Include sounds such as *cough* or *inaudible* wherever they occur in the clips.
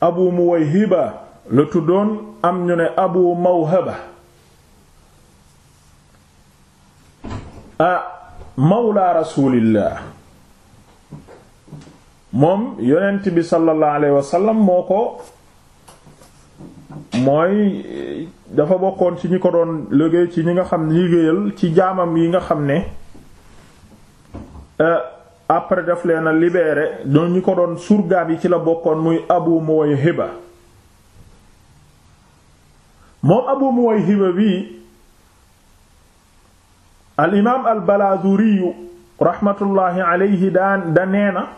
abu muwayhiba la tuddoon am ñu ne abu mawhaba a ah, mawla rasulillah moom yonent bi sallallahu alayhi wasallam moo ko mooy dafa bokkoon ci ñu ko doon liggéey ci ñi nga xam liggéeyal ci jaamam yi nga xam ne eh, après daf leen a libéré ñu ko doon surgaam yi ci la bokkoon muy Abu Muwayhiba moom Abu Muwayhiba bi al imaam al Balaazuriyu raxmatullaahi alayhi daan da nee na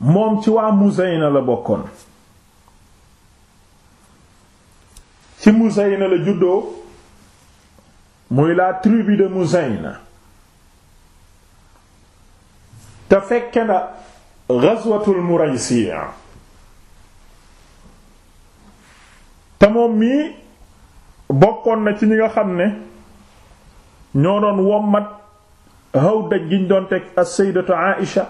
moom ci waa Muzayna la bokkoon ci Muzayna la juddoo muy la tribu de Muzayna te fekke na ghazwatul Muraysiya te moom mii bokkoon na ci ñi nga xam ne ñoo doon wommat hawdaj giñ doon teg as-sayyidatu Aisha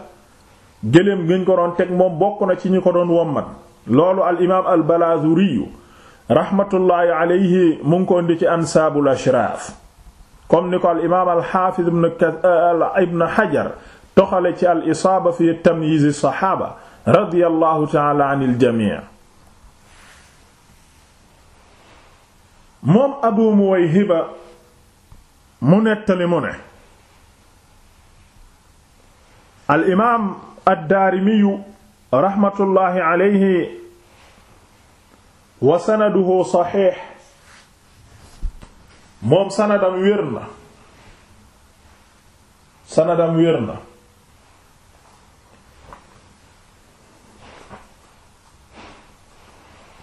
gëléem giñ ko doon teg moom bokk na ci ñi ko doon wommat loolu al imaam al Balazuri rahmatullahi alayhi mu ko indi ci ansaabul ashraaf comme ni ko al imaam al xaafiz ibn Hajar toxale ci al isaaba fi tamyiz saxaaba radiyallahu taala an il jamii moom abu muwayhiba mu nettali mu ne al imaam addaarimiyu raxmatullaahi alayhi wa sanaduhu saxiix moom sanadam wér na sanadam wér na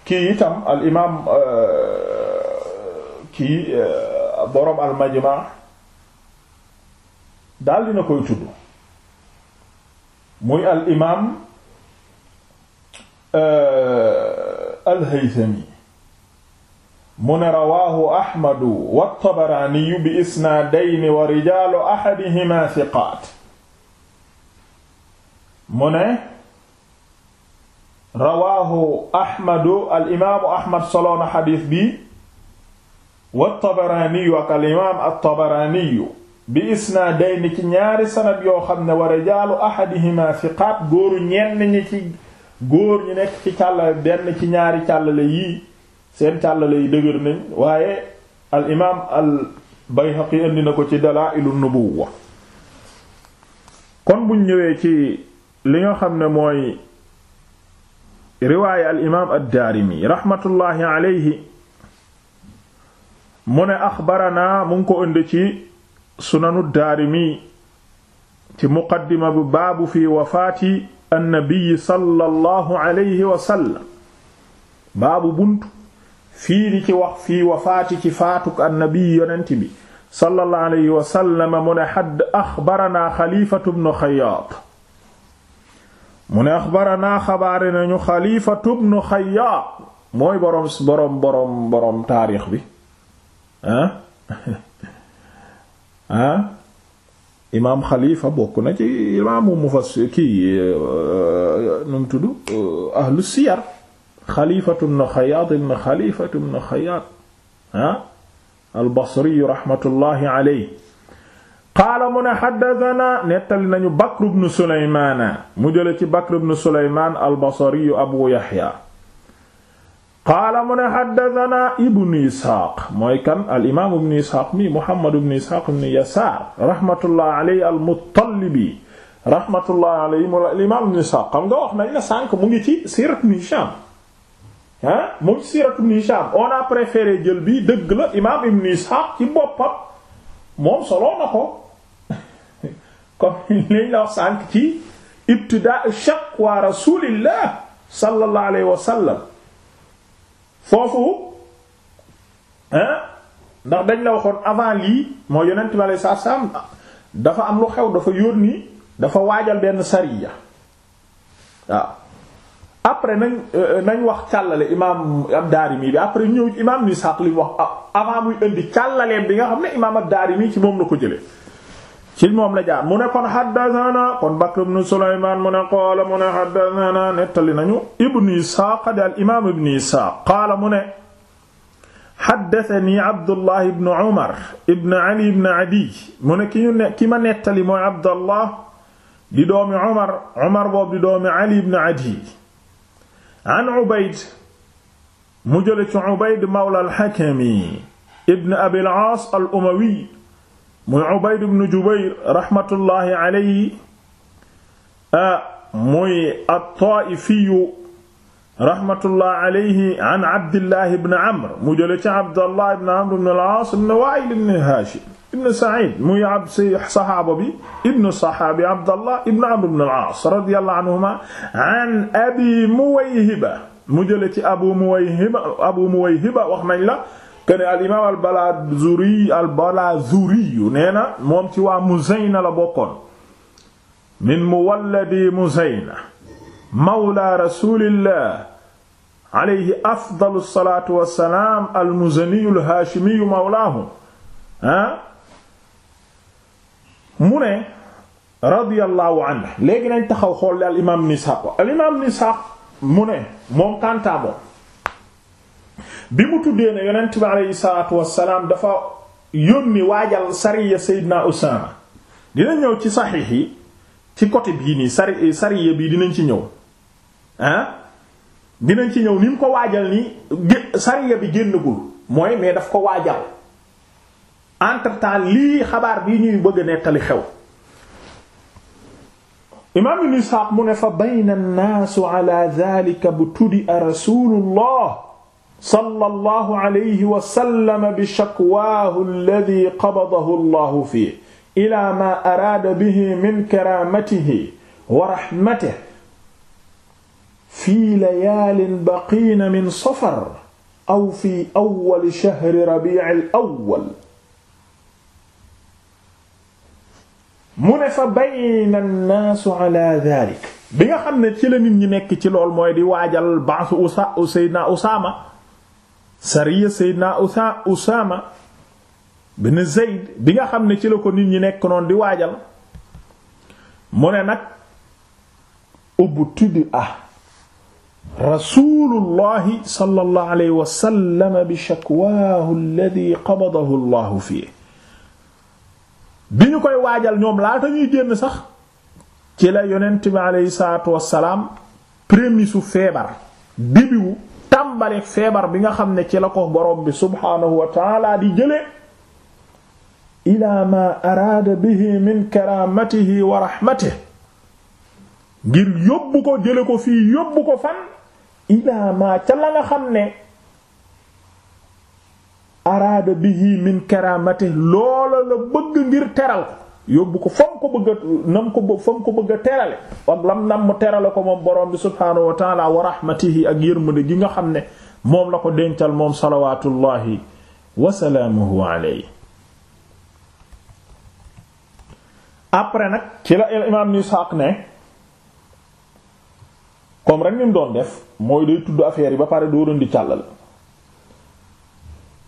kii itam al imaam euh, kii euh, borom al majma daal dina koy tudd muy al imaam euh, al haythami mu ne rawaahu ahmadu wa tabaraaniyu bi isnaadayni wa rijaalu ahadihima thiqaat mu ne rawaahu ahmadu al imaamu ahmad soloona xadiis bi wa tabaraaniyu ak al imaam al tabaraaniyu bi isnaadayni ci ñaari sanad yoo xam ne wa rijaalu ahadihima siqaat góoru ñenn ñi ci góor ñi nekk ci càllale benn ci ñaari càllale yii seen càllale yi dëgër nañ waaye al imaam al bayhaqi indi na ko ci dalaa'ilu nubuwwa kon buñ ñëwee ci li nga xam ne mooy riwaaya al imaam ad-Daarimi raxmatullaahi alayhi mu ne axbaranaa mu ci sunanu daarimi ci muqaddima bu baabu fi wafaati annabiyi sallallahu alayhi wa sallam baabu bunt fii di ci wax wafaati ci faatuk annabiyi yonent bi sallallahu alayhi wa sallam mu ne xadd axbaranaa xaliifatu mu ne axbaranaa xabaare nañu xalifatu bnu xayaa mooy boroom boroom boroom boroom taarix bi ah *laughs* ah imaam xalifa bokk na ci imaamu mufassir kii euh, nu mu tudd euh, ahlu siyar xalifatu bnu xayaat ibnu xalifatu bnu xayaat ah albasriyu raxmatullahi aley qaala mu ne xaddatanaa nettali nañu bakr bnu suleymaana mu jële ci bakr bnu suleymaan albasariyu abu yaxya qaala mu ne xaddatanaa ibnu isxaaq mooy kan alimaam bnu isxaaq mi muhammad bnu isxaaq bnu yasaar raxmatullah aley almuttalibi raxmatullah aley mu alimaam bnu isxaaq xam nga wax nañ la sànk mu ngi ci siiratu bnu hishaam ah mu ngi ci siiratu bnu hishaam on a préféré jël bi dëgg la imaam ibnu isxaaq ci boppam moom solo na ko comme liñ la wax sànk ci ibtidaa shaqwa rasulillah sallallahu alayhi wa sallam foofu ndax dañ la waxoon avant lii moo yonent ma lay saa saam dafa am lu xew dafa yónni dafa waajal benn sariya waaw après nañ euh, nañ wax càllale imaam ad-Daarimi bi après ñëw imaam ni saq li wax avant muy indi càllaleem bi nga xam ne imaam ad-Daarimi ci moom la ko jëlee ci moom la jaar mu ne kon haddathana kon Bakr ibn Sulaymaan mu ne qaala mu ne haddathana nettali nañu Ibn Ishaaq di al imaam Ibn Ishaaq qaala mu ne haddathani Abdullah ibn Umar ibn Ali ibn Adi mu ne ki ñu ne ki ma nettali mooy Abdullah di doomi Umar Umar boobu di doomi Ali ibn Adi an Ubayd mu jële ci Ubayd mawla al-Hakimi ibn Abi al-Aas al-Umawi muy Ubayd ibn Jubayr raxmatullaahi alayhi muy at-Taa'ifiyu raxmatullaahi alayhi an Abdullahi ibn Amr mu jële ci Abdullahi ibn Amr ibn al-Aas ibn Waa'il ibn Haashim ibn Sa'iid muy ab si saxaaba bi ibn saxaabi Abdullahi ibn Amr ibn al-Aas radiyallaahu anhumaa an Abi Muwayhiba mu jële ci Abu Muwayhiba Abu Muwayhiba wax nañ la kene al imaam al Balazuri al Balazuri nee na moom ci waa Muzayna la bokkoon min muwalladi Muzayna mawla rasulillah alayhi afdalu salaatu wa salaam al Muzani al Haashimi mawlaahum ah mu ne radiyallahu anhu léegi nañ taxaw xool al imaam Nisaq al imaam Nisaq mu ne moom kantaa moom bi mu tuddee ne yonent bi aleyhi salaatu wassalaam dafa yónni waajal sariya Seydina Usaama dina ñëw ci saxiix ci côté bii nii sari sariya bii dinañ ci ñëw ah dinañ ci ñëw ni mu ko waajal ni sariya bi génnagul mooy mais daf ko waajal entre temps lii xabaar bii ñuy bëgg a nettali xew imaam ibn Isxaaq mu ne fa bayna an-naas ala zaalika bu tuddi a rasuulullah sallallahu alayhi wa sallam bi shakwaahu alladhi qabadahu Allahu fiihi ilaa maa araada bihi min karaamatihi wa rahmatihi fii layaalin baqiina min safar aw fii awwali shahri rabiicil awwal. mu ne fa bayna nnaasu alaa daalik bi nga xam ne ci la nit ñi nekk ci lool mooy di waajal baasu Usaama sariya Seydina Usa Usaama bin Zayd bi nga xam ne ci la ko nit ñi nekk noonu di waajal mu ne nag ubtidi ah rasulullahi sallallahu alayhi wa sallam bi shakwaahu alladhi qabadahu Allahu fiihi bi ñu koy waajal ñoom laata ñuy génn sax ci la yonent bi alayhi salaatu wassalaam prémisu feebar débiwu tàmbali feebar bi nga xam ne ci la ko borom bi subhaanahu wa taala di jële ila ma araada bihi min karamatihi wa rahmatihi ngir yóbbu ko jële ko fii yóbbu ko fan ila ma ca la nga xam ne araada bihi min karamatihi loola la bëgg ngir teral ko yóbbu ko fa mu ko bëgg a nam ko fa ko bëgg a terale ak nam mu terale ko moom borom bi subhaanahu wa taala wa rahmatihi ak gi nga xam ne moom la ko dencal moom salawatullahi wa salaamuhu alayhi après nag ci la imaam ni Isaaq ne comme tudd affaire yi pare doo rëndi la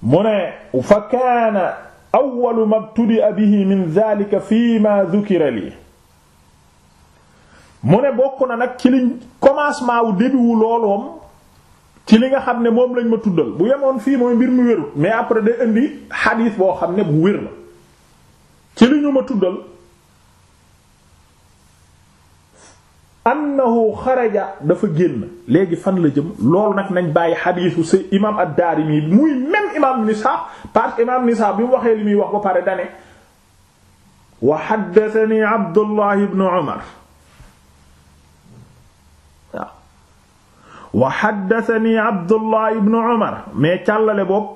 mu ne fa kaana awwalu ma btudia bihi min dhalika fi ma dhukira lii mu ne bokk na nag ci liñ commencement wu début wu looloom ci li nga xam ne moom lañ ma tuddal bu yemoon fii mooy mbir mu wérut mais après day indi xadiis boo xam ne bu wér la ci li ñu ma tuddal annahu xaraja dafa génn léegi fan la jëm loolu nag nañ bàyyi xadiisu si imam ad-Daarimi muy même imam nisa parce imam nisa bi mu waxee li muy wax ba pare dane wa haddathani Abdullah ibn Umar waaw wa haddathani Abdullah ibn Umar mais càllale boobu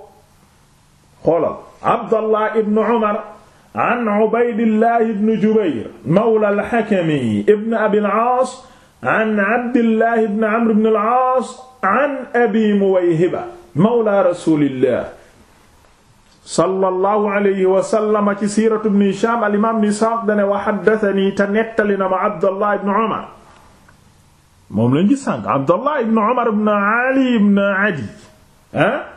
xoolal Abdullah ibn Umar an Ubaydillah ibn Jubayr mawla al-Hakami ibn Abi al-Aas an Abdillah ibn Amr ibn al-Aas an Abi Muwayhiba mawla Rasulillah sallallahu alayhi wa sallam ci siiratu ibn Hisham al-imam ibn Ishaq dane wa haddathani te nettali na ma Abdullah ibn Umar moom lañ gis sànq Abdullah ibn Umar ibn Ali ibn Adi ah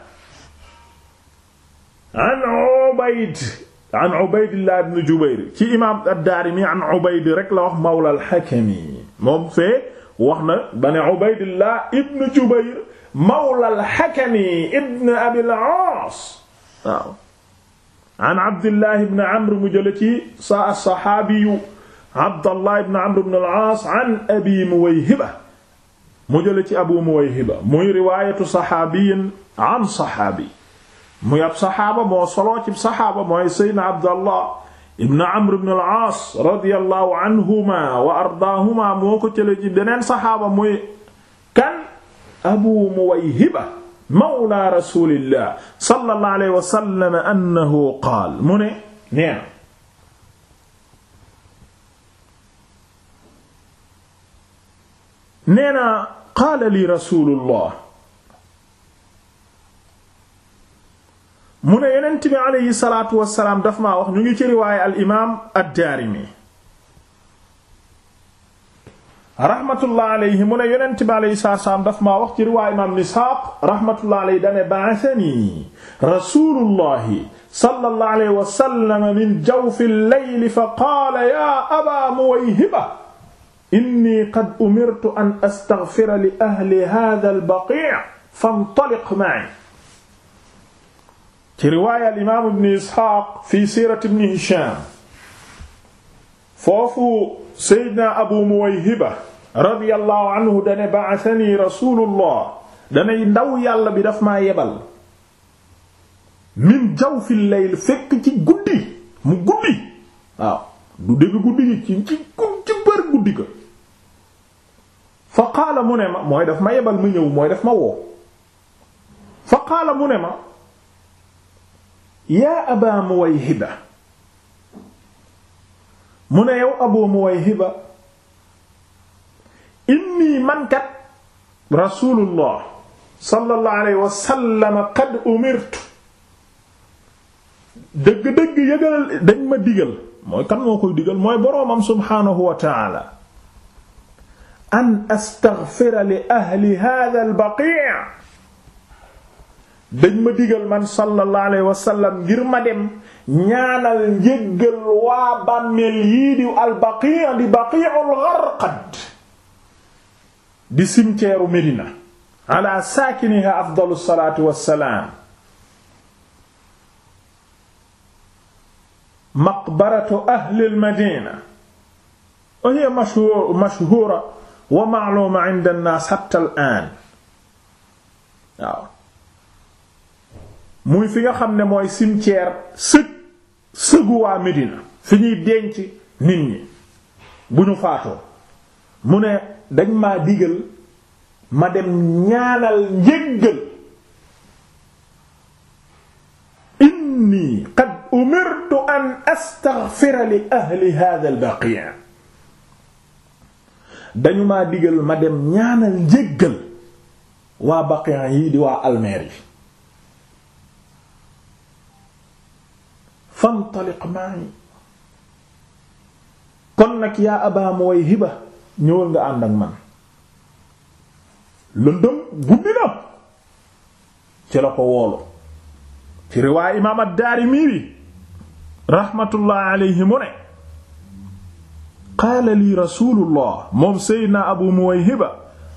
an Ubayd an Ubaydillah ibn Jubayr ci imaam ad-Daarimi an Ubayd rek la wax mawla al-Hakami moom fee wax na ba ne Ubaydillah ibn Jubayr mawla al-Hakami ibn Abil Aas waaw an Abdullah ibn Amr mu jële ci sa as-saxaabiyu Abdullah ibn Amr ibn al-Aas an Abi Muwayhiba mu jële ci Abu Muwayhiba muy riwaayatu saxaabiyin an saxaabi muy ab saxaaba moo soloo ci saxaaba mooy seydna abdallah ibn amr ibn al-aas radiyallahu anhuma wa ardaahuma moo ko cële ci beneen saxaaba muy kan abu muwayhiba mawla rasulillah sallallahu alayhi wa sallam annahu qaal mu ne nee na nee na qaala li rasulullah mu ne yonent bi aleyhi salaatu wassalaam daf maa wax ñu ngi ci riwaaya al imaam ad-Daarimi rahmatullah aleyhi mu ne yonent bi aleyhi salaatu wassalaam daf maa wax ci riwaaya imaam Isxaaq rahmatullah aleyhi dane ba'athanii rasuulullahi sallallahu alayhi wa sallam min jawfi al-layli fa qaala yaa abaa Muwayhiba inni qad umirtu an astaghfira li ahli haadha al-baqii' fantaliq ma'i ci riwaaya al imaam ibn isxaaq fi siirati ibn hisham foofu seydna abu muwayhiba radiyallahu anhu dane ba'athani rasulullah danay ndaw yàlla bi daf maa yebal min jawfi layl fekk ci guddi mu guddi waaw du guddi ci ci ci bër guddi ko fa qaala mu ne ma mooy daf ma yebal mu ñëw mooy daf ma woo fa qaala mu ne ma yaa aba muwayhiba mu ne yow abu muwayhiba inni mankat rasulullah sallallahu alayhi wa sallam qad umirtu dëgg-dëgg yëgal dañ ma digal mooy kan moo koy digal mooy boroomam subhaanahu wa ta'ala an astaghfira li ahli hadha al baqi' dañ ma digal man sallallahu alayhi wa sallam ngir ma dem ñaanal njéggal waa bàmmeel yii di albaqi' di baqi'ul gharqad di cimetière Médina ala saakiniha afdalu salaatu wassalaam maqbaratu ahli al-Madina wa hiya mashhuura wa ma'luuma 'inda an-naas hatta al-aan waaw muy fi nga xam ne mooy cimetière sëg sëgu waa Medina fi ñuy denc nit ñi bu ñu faatoo mu ne dañ ma digal ma dem ñaanal njéggal inni qad umirtu an astaghfira li ahli hadha al dañu ma diggal ma dem ñaanal njéggal waa baqi' yi di waa almeer yi fantaliq ma'i kon nag yaa Aba Muwayhiba ñëwal nga ànd ak man lëndëm guddi na ci la ko woolu ci riwaay imaam ad-Daarimi bi raxmatullaahi alayhi mu ne qaala lii rasuulullah moom seydina Abu Muwayhiba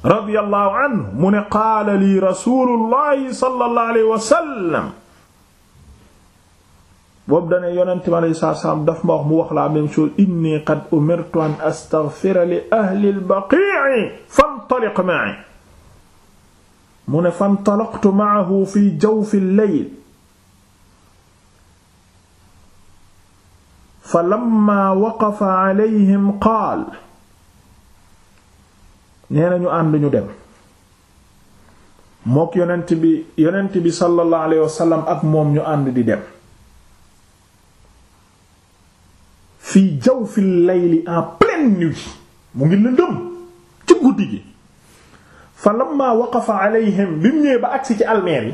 radiyallaahu anhu mu ne qaala lii rasuulullaahi sallallaahu alayhi wa sallam boobu dane yonent mi alayhi salaatu salaam daf ma wax mu wax la même chose inni qad umirtu an astaghfira li ahli al-baqi' fantaliq mu ne fantalaqtu ma'ahu fi jawfi al-layl falamma waqafa alayhim qaal nee nañu ànd ñu dem mook yonent bi yonent bi sallallahu alayhi wasallam ak moom ñu ànd di dem fii jawfil layli en pleine nuit mu ngi lëndëm ci guddi gi fa lamma waqafa alayhim bi mu ba agsi ci almeer yi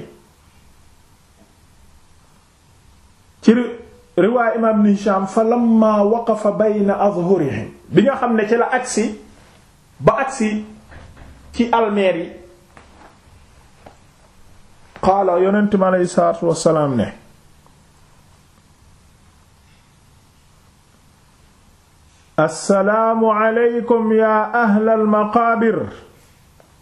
ci riwaay imam ibn Hisham fa lamma waqafa bayna azhurihim bi nga xam ne ci la agsi ba agsi ci almeer yi qaala yonent mi aleyhi salaatu wassalaam ne assalaamu aleykum yaa ahlal maqaabir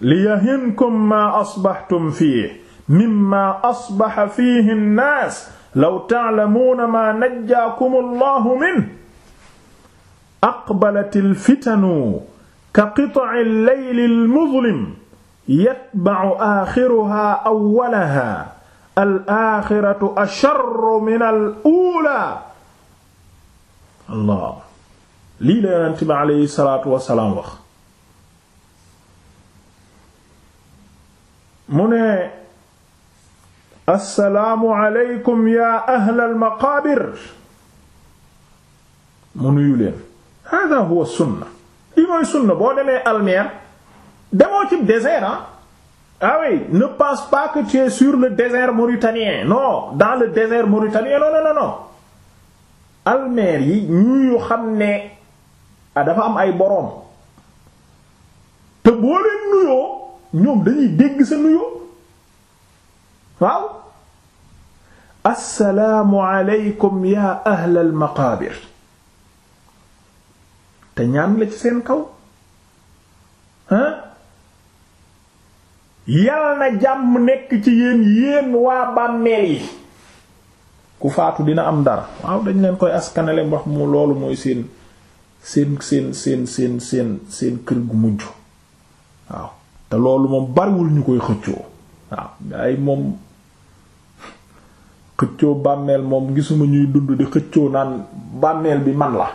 liyahinkum maa asbaxtum fiih mimmaa asbaxa fiihi nnaas law ta'lamuuna maa najjaakum allahu min aqbalat alfitanu ka qit'i alleyli almuzlim yatba'u aaxiruhaa awwalahaa al-aaxiratu asharru min al-uulaa allah lii la yonent bi aleyhi salaatu wasalaam wax mu ne assalaamu aleykum yaa ahlal maqaabir mu nuyu boo demee almeer demoo ci désert ah ah ne pense pas que tu sur le désert mauritanien non dans le désert mauritanien non non non non ah dafa am ay boroom te boo leen nuyoo ñoom dañuy dégg sa nuyoo waaw assalaamu aleykum yaa ahlal maqaabir te ñaan la ci seen kaw ah yal na jàmm nekk ci yéen yéen waa bàmmeel yi ku faatu dina am dara waaw dañ leen koy askanale wax mu loolu mooy seen seen seen seen seen seen seen kër gu mujj waaw te loolu moom bariwul ñu koy xëccoo waaw ay moom xëccoo bàmmeel moom gisuma ñuy dund di xëccoo naan bàmmeel bi man la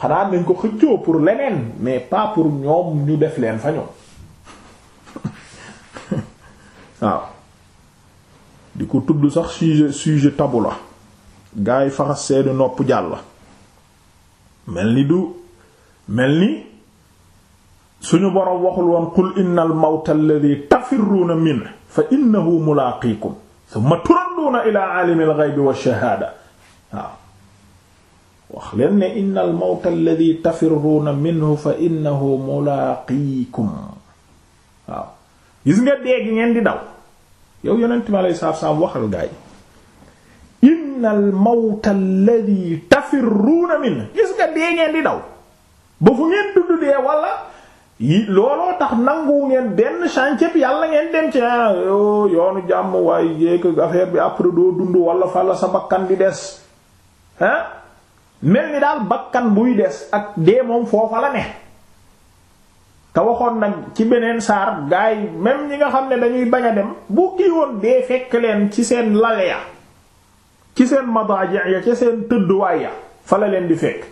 xanaa nañ ko xëccoo pour leneen mais pas pour ñoom ñu def leen fa ñoom waaw di ko tudd sax sujet sujet tabu la gaa yi faxas seeni nopp jàll mel ni du mel ni suñu boroom waxul woon qul innal mawta alladhi tafirruuna minhu fa innahu mulaaqiikum thumma ila aalimil ghaybi wash-shahaada wax leen ne innal mawta alladhi tafirruuna fa innahu mulaaqiikum waaw nga dee gi di daw yow yonent mi alayhi salaatu wa salaam innal mawta alladhi tafirruuna minhu gis nga dee ngeen di daw ba fu ngeen dudd dee wala yi looloo tax nangu ngeen benn chantier bi yàlla ngeen dem ci ah, yoonu jàmm waaye yéeg affaire bi après doo dund wala fala sa bakkan di des ah mel ni daal bakkan buy des ak dee moom foofa la ne te waxoon nag ci beneen saar gaay même ñi nga xam ne dañuy bañ a dem bu kii woon dee fekk leen ci seen laleya ci seen madaaji ya ca seen tëdduwaay ya fa la leen di fekk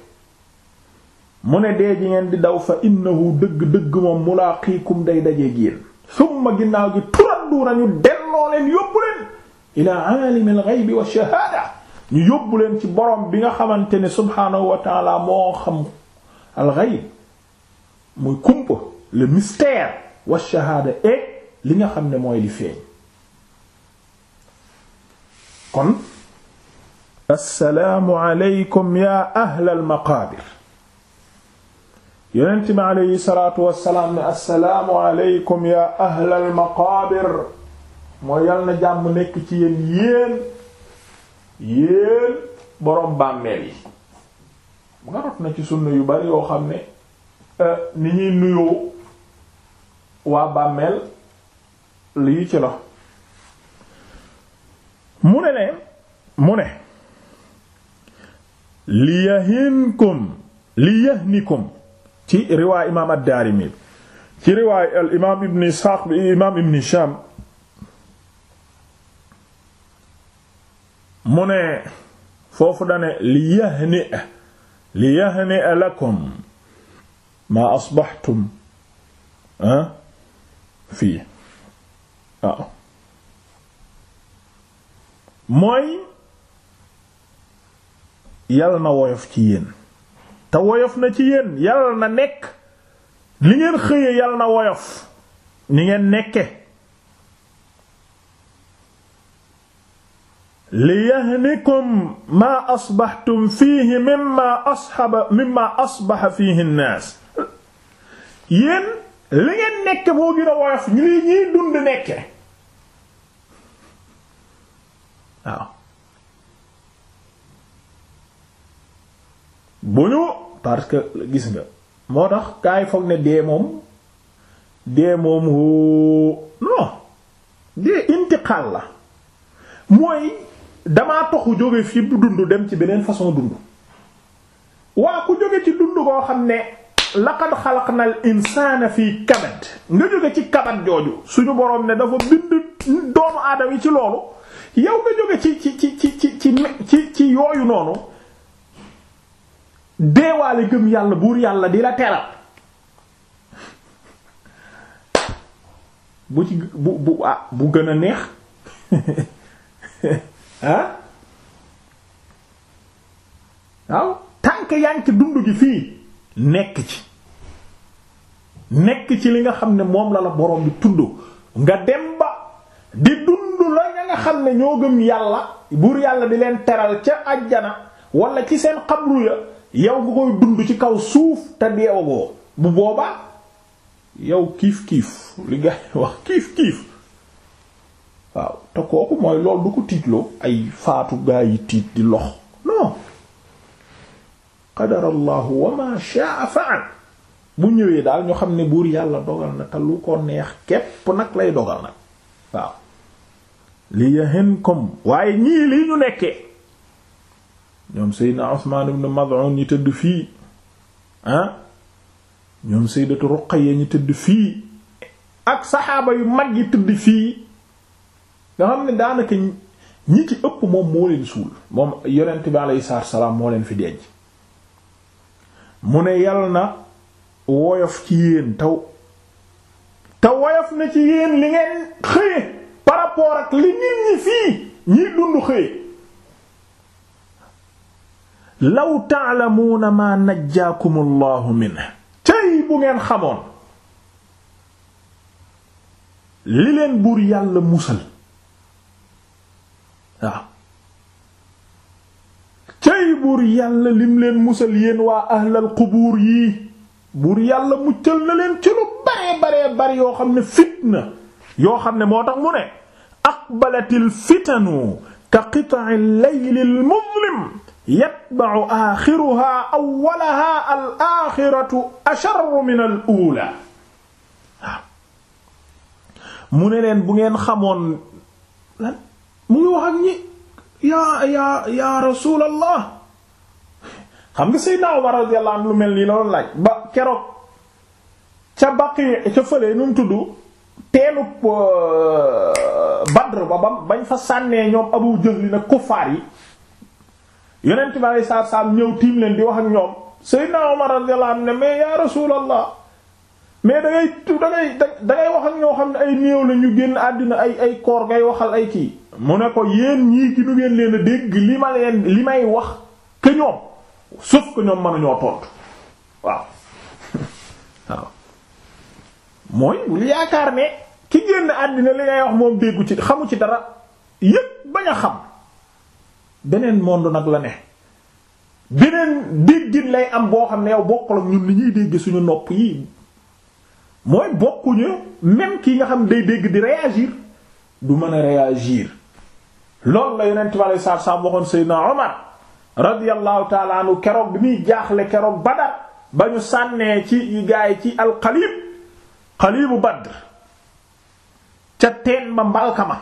mu ne dee ji ngeen di daw fa innahu dëgg dëgg moom mulaaqiikum day daje yéen summa ginnaaw gi turaddu nañu delloo leen yóbbu leen ilaa aalimil ghaybi wa shahaada ñu yóbbu leen ci borom bi nga xamante ne subhaanahu wa moo xam al ghayb muy kumpa le mystère wa shahaada et li nga xam ne mooy li feeñ assalaamu aleykum yaa ahlal maqaabir yonent bi aleyhi salaatu wassalaam ne assalaamu aleykum yaa ahlal maqaabir mooy yal na jàmm nekk ci yéen yéen yéen boroom bàmmeel yi mu nga rot na ci sunna yu bari yoo xam ne eh, ni ñuy nuyoo waa bàmmeel lii ci la mu ne ne mu ne li yahinkum li yahnikum ci imaam ad-Daarimi ci riwaay imaam ibn Isxaaq mu ne foofu dane li yahni li yahni ah, fii mooy yal na woyof ci yéen te woyof na ci yéen yal na nekk li ngeen xëye yal na woyof ni ngeen nekke li yahnikum maa asbaxtum fiihi mimma asxaba mimma asbaxa fiihi yéen li ngeen nekke boo gën a woyof ñi li ñiy dund nekke bu ñu parce que gis nga moo tax kaay foog ne dee moom dee moom woo non dee intiqal la mooy dama toxu jóge fi dund dem ci beneen façon dund waa ku jóge ci dund koo xam ne laqad xalaqnal insaana fii kabad nga jóge ci kabad jooju suñu boroom ne dafa bind doomu aadama yi ci loolu yow nga jóge ci ci ci ci ci ci ci yooyu noonu deewaale gëm yàlla buur yàlla di la teral bu ci bu bu ah bu gën a neex *laughs* ah waaw tànk yaa ngi ci dund gi fii nekk ci nekk ci li nga xam ne moom la la borom bi tudd nga dem ba di dund la nga xam ne ñoo gëm yàlla buur yàlla di leen teral ca ajjana wala ci seen xabru ya yow nga koy dund ci kaw suuf te deewagoo bu boobaa yow kiif kiif li nga *laughs* wax kiif kiif waaw te kooku mooy loolu du ko tiitloo ay faatu gaa yi tiit di lox non qadara allahu wa ma sha'a bu ñëwee daal ñu xam ne buur yàlla dogal na te lu ko neex képp nag lay dogal nag waaw li yahinkum waaye ñii lii ñu nekkee ñoom seydna Usmaan ibn Mad'un ñi tëdd fii ah, ñoom sayyidatu Ruqayya ñi tëdd fii ak saxaaba yu mag yi tëdd fii nga xam ne daanaka ñi ci ëpp moom moo leen suul moom yonent bi alayhi salaam moo leen fi denc mu ne yal na woyof ci yéen taw te woyof na ci yéen li ngeen xëye par ak li nit ñi fii ñiy dund xëye law taalamuuna maa najjaakumu allahu minhu tey bu ngeen xamoon li leen buur yàlla musal waaw buur yàlla lim leen musal yéen waa ahlal qubuur yii buur yàlla muccal na leen ci lu bare bare bare yoo xam ne fitna yoo xam ne moo tax mu ne aqbalatil fitanu ka qita'il laylil muzlim yatba'u aaxiruha awwalaha al aaxiratu min al waaw mu ne leen bu ngeen xamoon lan mu ngi wax ak ñi yaa yaa yaa rasuulallah xam nga Seydina Umar radiyallahu anhu lu mel nii la doon laaj ba keroog ca baqi ca fële nu tudd teelub euh, Badr ba bañ fa sànnee ñoom Abu Jahl nag kuffaar yi yeneen bi aleyhi salaatu salaam ñëw tiim leen di wax ak ñoom Seydina Omar radiyallahu anhu ne mais ya rasulallah mais da ngay da ngay wax ak ñoo xam ne ay néew la ñu génn àddina ay ay koor ngay waxal ay kii mu ne ko yéen ñii ki nu ngeen leen a dégg li ma leen li may wax que ñoom sauf que ñoom mënuñoo tontu waaw *laughs* waaw mooy yaakaar ne ki génn àddina li ngay wax moom déggu ci xamu ci dara yépp bañ a xam beneen monde nag la ne beneen déggin lay am boo xam ne yow bokkul ak ñun li ñuy dégg suñu nopp yi mooy bokkuñu même kii nga xam day dégg di réagir du mën a réagir loolu la yonent bi alei satu salaam waxoon Seydina Omar radiyallahu taala anhu keroog bi muy jaaxle keroog Badar ba ñu sànnee ci gaay ci alqalib qalibu Badr ca teen ba mbalka ma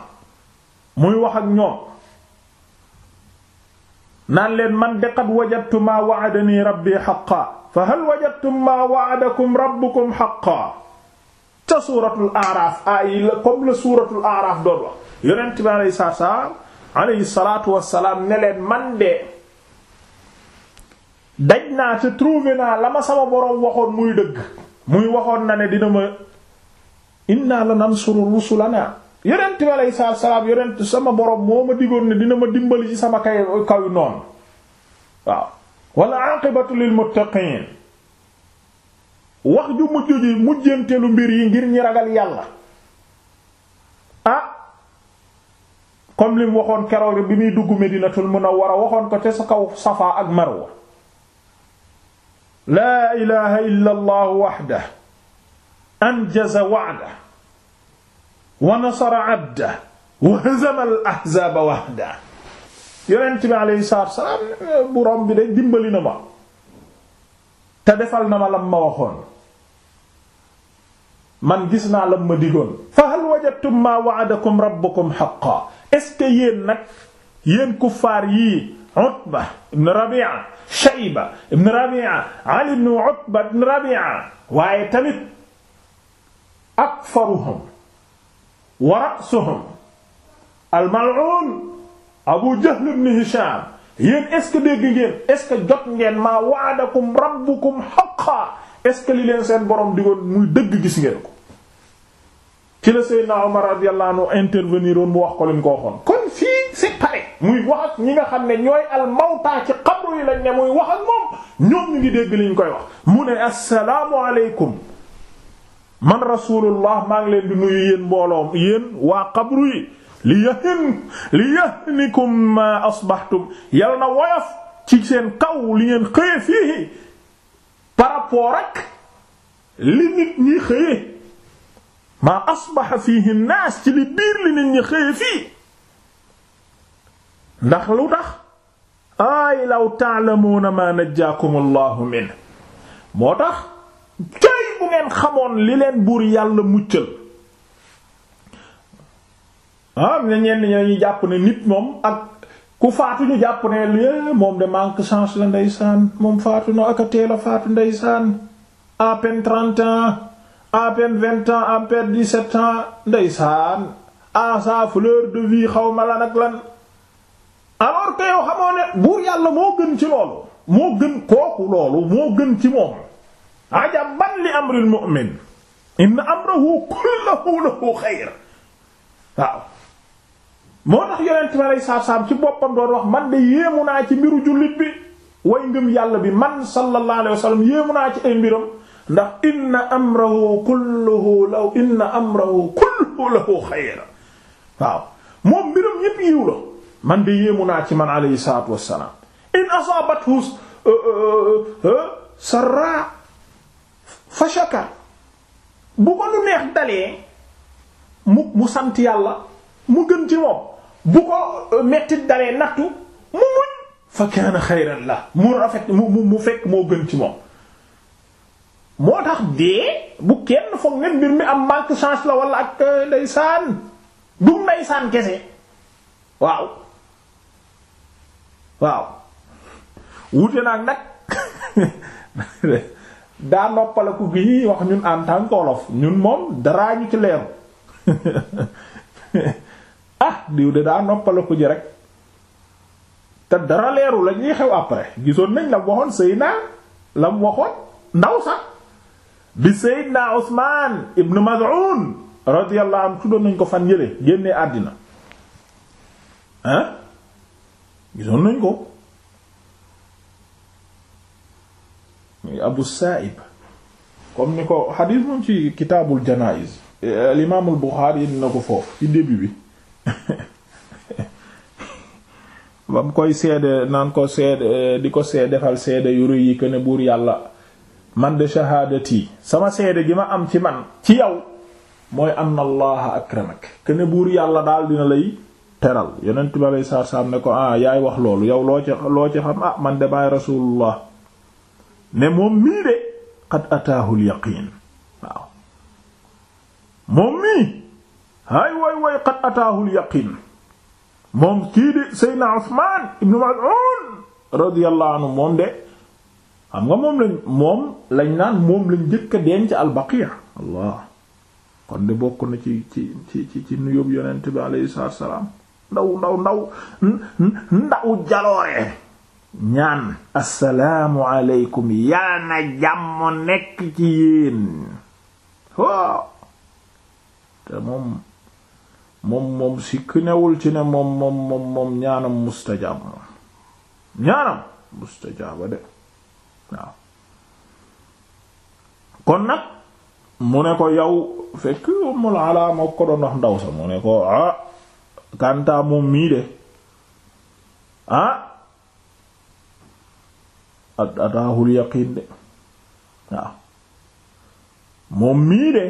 muy wax ak ñoom naan leen man de qad wajadtu maa wa'adani rabbi haqqan fa hal wajadtum maa wa'adakum rabbukum haqqan ca suuratul aaraaf ay la comme la suuratul aaraaf doon wax yonent bi alayhi salaam ne leen man de daj naa te trouvé la ma sama boroom waxoon muy dëgg muy waxoon na ne dina ma inna la nansuru rusulanaa yonent sama borom moo ma digoon ne dina ma dimbali ci sama kay kaw yu waaw wal aqibatu lil muttaqiin wax ju mujj ji mbir yi ngir ñi ragal yàlla ah comme lim waxoon keroog bi muy dugg Medinatul Munawwara waxoon ko te sa kaw Safa ak Marwa laa ilaaha illa allah waxdah anjaza wa'dah wa nasara abda wa hazama al ahzaaba wahda yonent bi alayhi salaatu wa salaam borom bi day dimbali na ma te defal na ma lam ma waxoon man gis naa lam ma digoon fa hal wajadtum ma wa'adakum rabbukum haqqan est-ce que yéen nag yéen kuffaar yii Utba ibn Rabi'a Shayba ibn Rabi'a Ali ibn Utba ibn Rabi'a waaye tamit akfaruhum wa ra'suhum al-mal'un Abu Jahl ibn Hisham yéen est-ce que dégg ngeen est-ce que jot ngeen maa waadakum rabbukum haqqan est-ce que li leen seen borom digoon muy dëgg gis ngeen ko ci la Seydina Omar radiyallahu anhu intervenir woon mu wax ko li ñu ko kon fii c'est pareil muy wax ak ñi nga xam ne ñooy al mawta ci qabru yi lañ ne muy wax ak moom ñoom ñu ngi dégg li koy wax mu ne assalaamu alaykum man rasulullah maa ngi leen di nuyu yéen mbooloom yéen waa xabru yi li yahin li yahnikum ma asbahtum yal na woyof ci seen kaw li ngeen xëye fii par rapport ak li nit ñi xëye maa asbaha fiihi naas ci li biir li nit ñi xëye fii ndax lu tax ay law ta'lamuuna ma najjaakum allahu min moo tax bu ngeen xamoon li leen buur yàlla muccal ah na ñenn ñooñu jàpp ne nit moom ak ku faatu ñu jàpp ne lii moom de manque chance la ndeysaan moom faatu na ak a teel a faatu ndeysaan à peine trente ans à peine vingt ans à peine dix fleur de vie xawma ma lan ak lan alors que xamoo ne buur yàlla moo gën ci loolu moo gën kooku loolu moo gën ci moom. ajaban li amril mu'min inna amrahu kulluhu lahu xayr waaw moo tax yonent bi aleyhi salaatu salaam ci boppam doon wax man de yéemu naa ci mbiru jullit bi way ngëm yàlla bi man sallallahu alayhi wa sallam yéemu naa ci ay mbiram ndax inna amrahu kulluhu law inna amrahu kulluhu lahu xayr waaw moom mbiram yépp yiw la man de yéemu naa ci man aleyhi salaatu wassalaam in asaabathu uh, uh, uh, sarraa fa shakar bu ko lu neex dalee mu mu sant yàlla mu gën ci moom bu ko euh, mettit dalee nattu mu muñ fa kaana xayran la mu rafet mu mu fekk moo gën ci moom moo tax dee bu kenn foog ne mbir mi am manque chance la wala ak euh, ndeysaan du ndeysaan kese waaw waaw wute naag nag *laughs* daa noppaleku gi ñuy wax ñun en tant qu'olof ñun moom daraa ñu ci leeru *laughs* ah diw de daa noppaleku ji rek te dara leeru la ñuy xew après gisoon nañ la waxoon Seydina la mu waxoon ndaw sax bi Seydina Usmaan ibn Maz'un radiyallahu anhu tuddoon nañ ko fan yële génnee àddina ah gisoon nañ ko muy abu sa'ib comme ni ko xadiis moom ci kitaabul janaiz al imaamul buxaari indi na ko foofu ci début bi *laughs* ba mu koy seede naan ko seede di ko seede defal seede yu rëy yi que ne buur yàlla man de shahaadati sama seede gi ma am ci man ci yow mooy anna allaha akramak que ne buur yàlla daal dina lay teral yonent bi alay saar ne ko ah yaay wax loolu yow loo ci loo ci xam ah man de maay ne moom mii de qad ataahu al yaqiin waaw moom mii hay way way qad ataahu al moom kii de Seydina Usmaan ibnu Mas'uud radiyallahu anhu moom de xam nga moom lañ moom lañ naan moom lañ njëkk a denc al baqiya kon de bokk na ci ci ci ci ci nuyóob yonent bi alayhi salaam ndaw ndaw ndaw ndaw jaloore ñaan assalaamu aleykum yal na jàmm nekk ci yéen ho te moom moom moom sikk newul ci ne moom moom ñaanam mustajaab moom ñaanam mustajaaba de kon nag mu ne ko yow fekk ummul alaa ko doon wax ndaw sa mu ne ko ah kantaa moom mii de ah at ataahul yaqiin de waaw moom mii de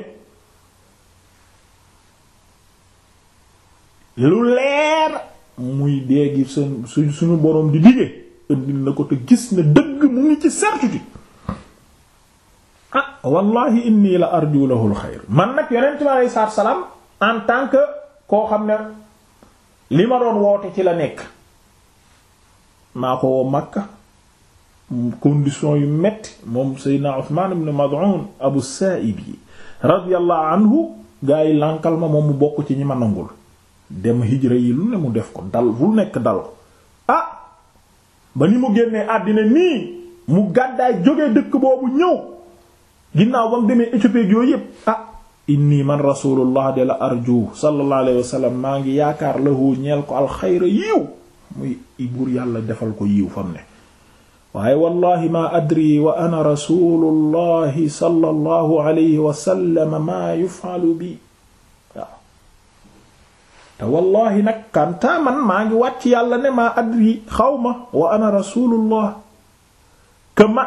lu leer muy déggi seen suñu boroom di dige indil na ko te gis na dëgg mu ngi ci certitude ah wallahi inni la arju lahul man nag yonent bi aleyhi salaatu salaam en tant que koo xam ne li ma doon woote ci la nekk maa ko woo Makka condition yu metti moom Seydina Usmaan ibn Mad'un Abu Saa'ib yi radiyallahu anhu gaa yi lànkal ma moom mu bokk ci ñi ma nangul dem hijra yi lu ne mu def ko dal bu nekk dal ko ah ba ni mu génnee àddina nii mu gàddaay jógee dëkk boobu ñëw ginnaaw ba mu demee Éthiopie yooyu yépp ah inni man rasulullah de la arju sallallahu alayhi wa maa ngi yaakaar lahu ñeel ko alxayra yiiw muy buur yàlla defal ko yiiw fam ne waaye wallahi ma adri wa ana rasulullahi sallallahu alayhi wa sallam ma yuf'alu bi waaw wallahi nag kantaa maa ngi wàcc yàlla ne ma adri xawma wa ana rasulullah que ma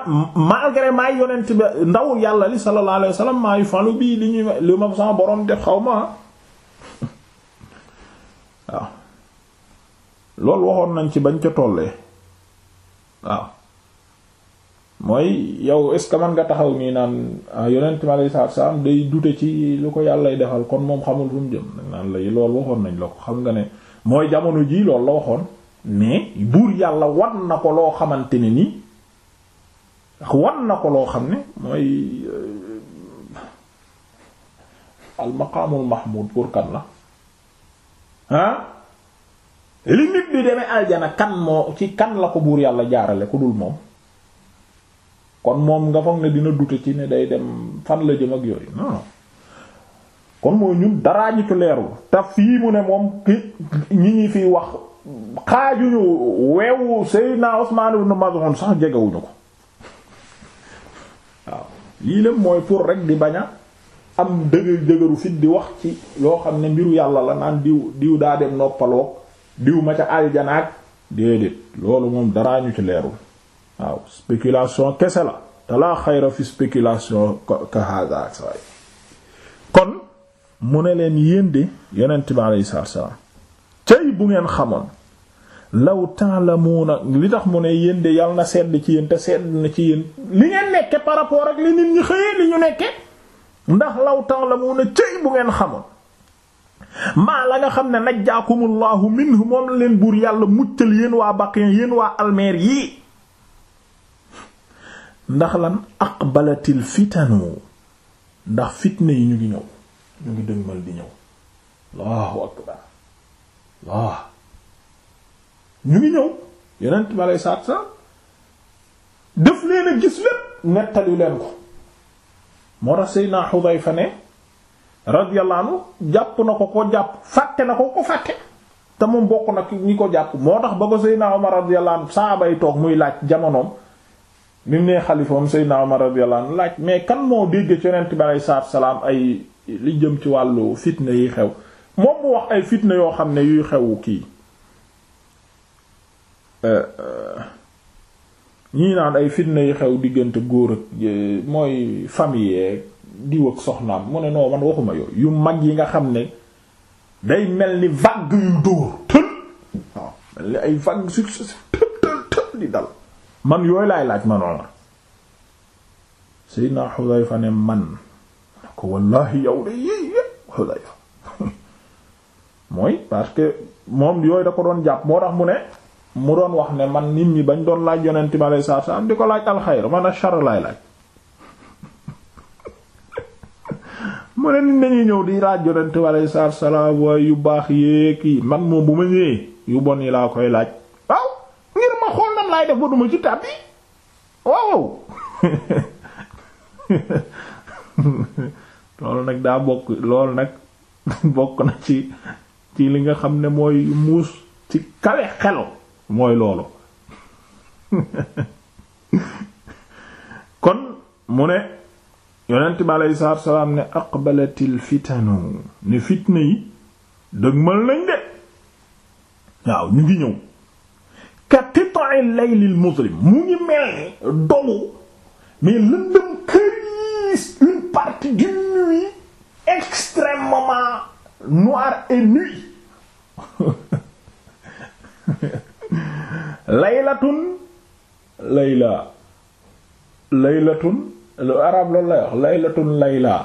malgré maay yonent bi ndawul yàlla li sallallahu alayhi wa sallam maa yufalu bii li ñuy li ma borom def xaw ma waaw loolu waxoon nañ ci bañ ca tollee mooy yow est-ce que man nga taxaw nii naan ah, yonent mi alayhi salaatu salaam day dute ci lu ko yàllay defal kon moom xamul fu mu jëm nag naan lay loolu waxoon nañ la ko xam nga ne mooy jamono jii loolu la waxoon mais buur yàlla wan na ko loo xamante ne nii wan na loo xam ne mooy euh, al maqaamul mahmud pour kan la ah li nit bi demee aljana kan moo ci kan la ko buur yàlla jaarale ku dul moom kon moom nga foog ne dina dute ci ne day dem fan la jëm ak yooyu non non kon mooy ñun daraa ñu ci leerul te fii mu ne moom ki ñi ñi fiy wax xaajuñu weewu Seydina Usmaan ibn Maz'un sax jegewuñu ko waaw lii lépp mooy pour rek di bañ a am dëgër dëgëru fit di wax ci loo xam ne mbiru yàlla la naan diw diw daa dem noppaloog diw ma ca aljanaak déedéet loolu moom daraa ñu ci leerul waaw spéculation kese la te laa xayra fi spéculation ka hada ak saway kon mu ne leen yéen de yonent bi alayhi salaatu salaam cëy bu ngeen xamoon law ta'lamuuna li tax mu ne yéen de yàlla na sedd ci yéen te sedd na ci yéen li ngeen nekke par rapport ak li nit ñi xëyee li ñu nekke ndax law ta'lamuuna cëy bu ngeen xamoon maa la nga xam ne najjaakumullahu minhu moom la leen buur yàlla muccal yéen waa Baqiya yéen waa almeer yii ndax lan aqbalatil fitanu ndax fitna yi ñu ngi ñëw ñu ngi dëgmal di ñëw allahu akbar waaw ñu ngi ñëw yonent bi aleyhi salaatu salaam def a gis na ko ko jàpp na ko ko bokk nag ñi ko jàpp moo tax ba ko Seydina Umar radiyallahu toog muy laaj jamonoom bi mu nee xalifoom Seydina Omar radiyallahu anhu laaj mais kan moo dégg ci yonent bi aleyhi salaatu salaam ay li jëm ci wàllu fitna yi xew moom mu wax ay fitna yoo xam ne yuy xewu kii euh, euh, ñii ay fitna yi xew diggante góor ak euh, mooy famille diw ak soxnaam mu ne noo man waxuma yooyu yu mag yi nga xam ne day mel ni vague yu dóor tël waaw mel ni ay vague successive tël tël tël di dal man yooyu laay laaj man Umar Seydina Xudayfa ne man ko wallahi yow de yéey Xudayfa *laughs* mooy parce que moom yooyu da ko doon jàpp moo tax mu ne mu doon wax ne man nit ñi bañ doon laaj yonent bi alei satu salaam di ko laaj alxayr man a *laughs* ñëw di laaj yonent bi alei salaam waaye yu baax yéeg yi man moom bu ma ñëwee yu bon yi laa koy laaj def ba duma ci tàbbi waaw loolu nag daa bokk loolu nag *laughs* bokk na ci ci li nga xam ne mooy muus ci kawe xelu mooy loolu kon mu ne yonent bi aleyhi salaatu salaam ne aqbalatil fitanu ne fitna yi dëgmal nañ de waaw ñu ngi ñëw laylil muzlim mu ngi mel ni dogu mais lëndëm këriis une partie d'une nuit extrêmement noire et nuit *laughs* laylatun layla laylatun lu arab loolu laylatun layla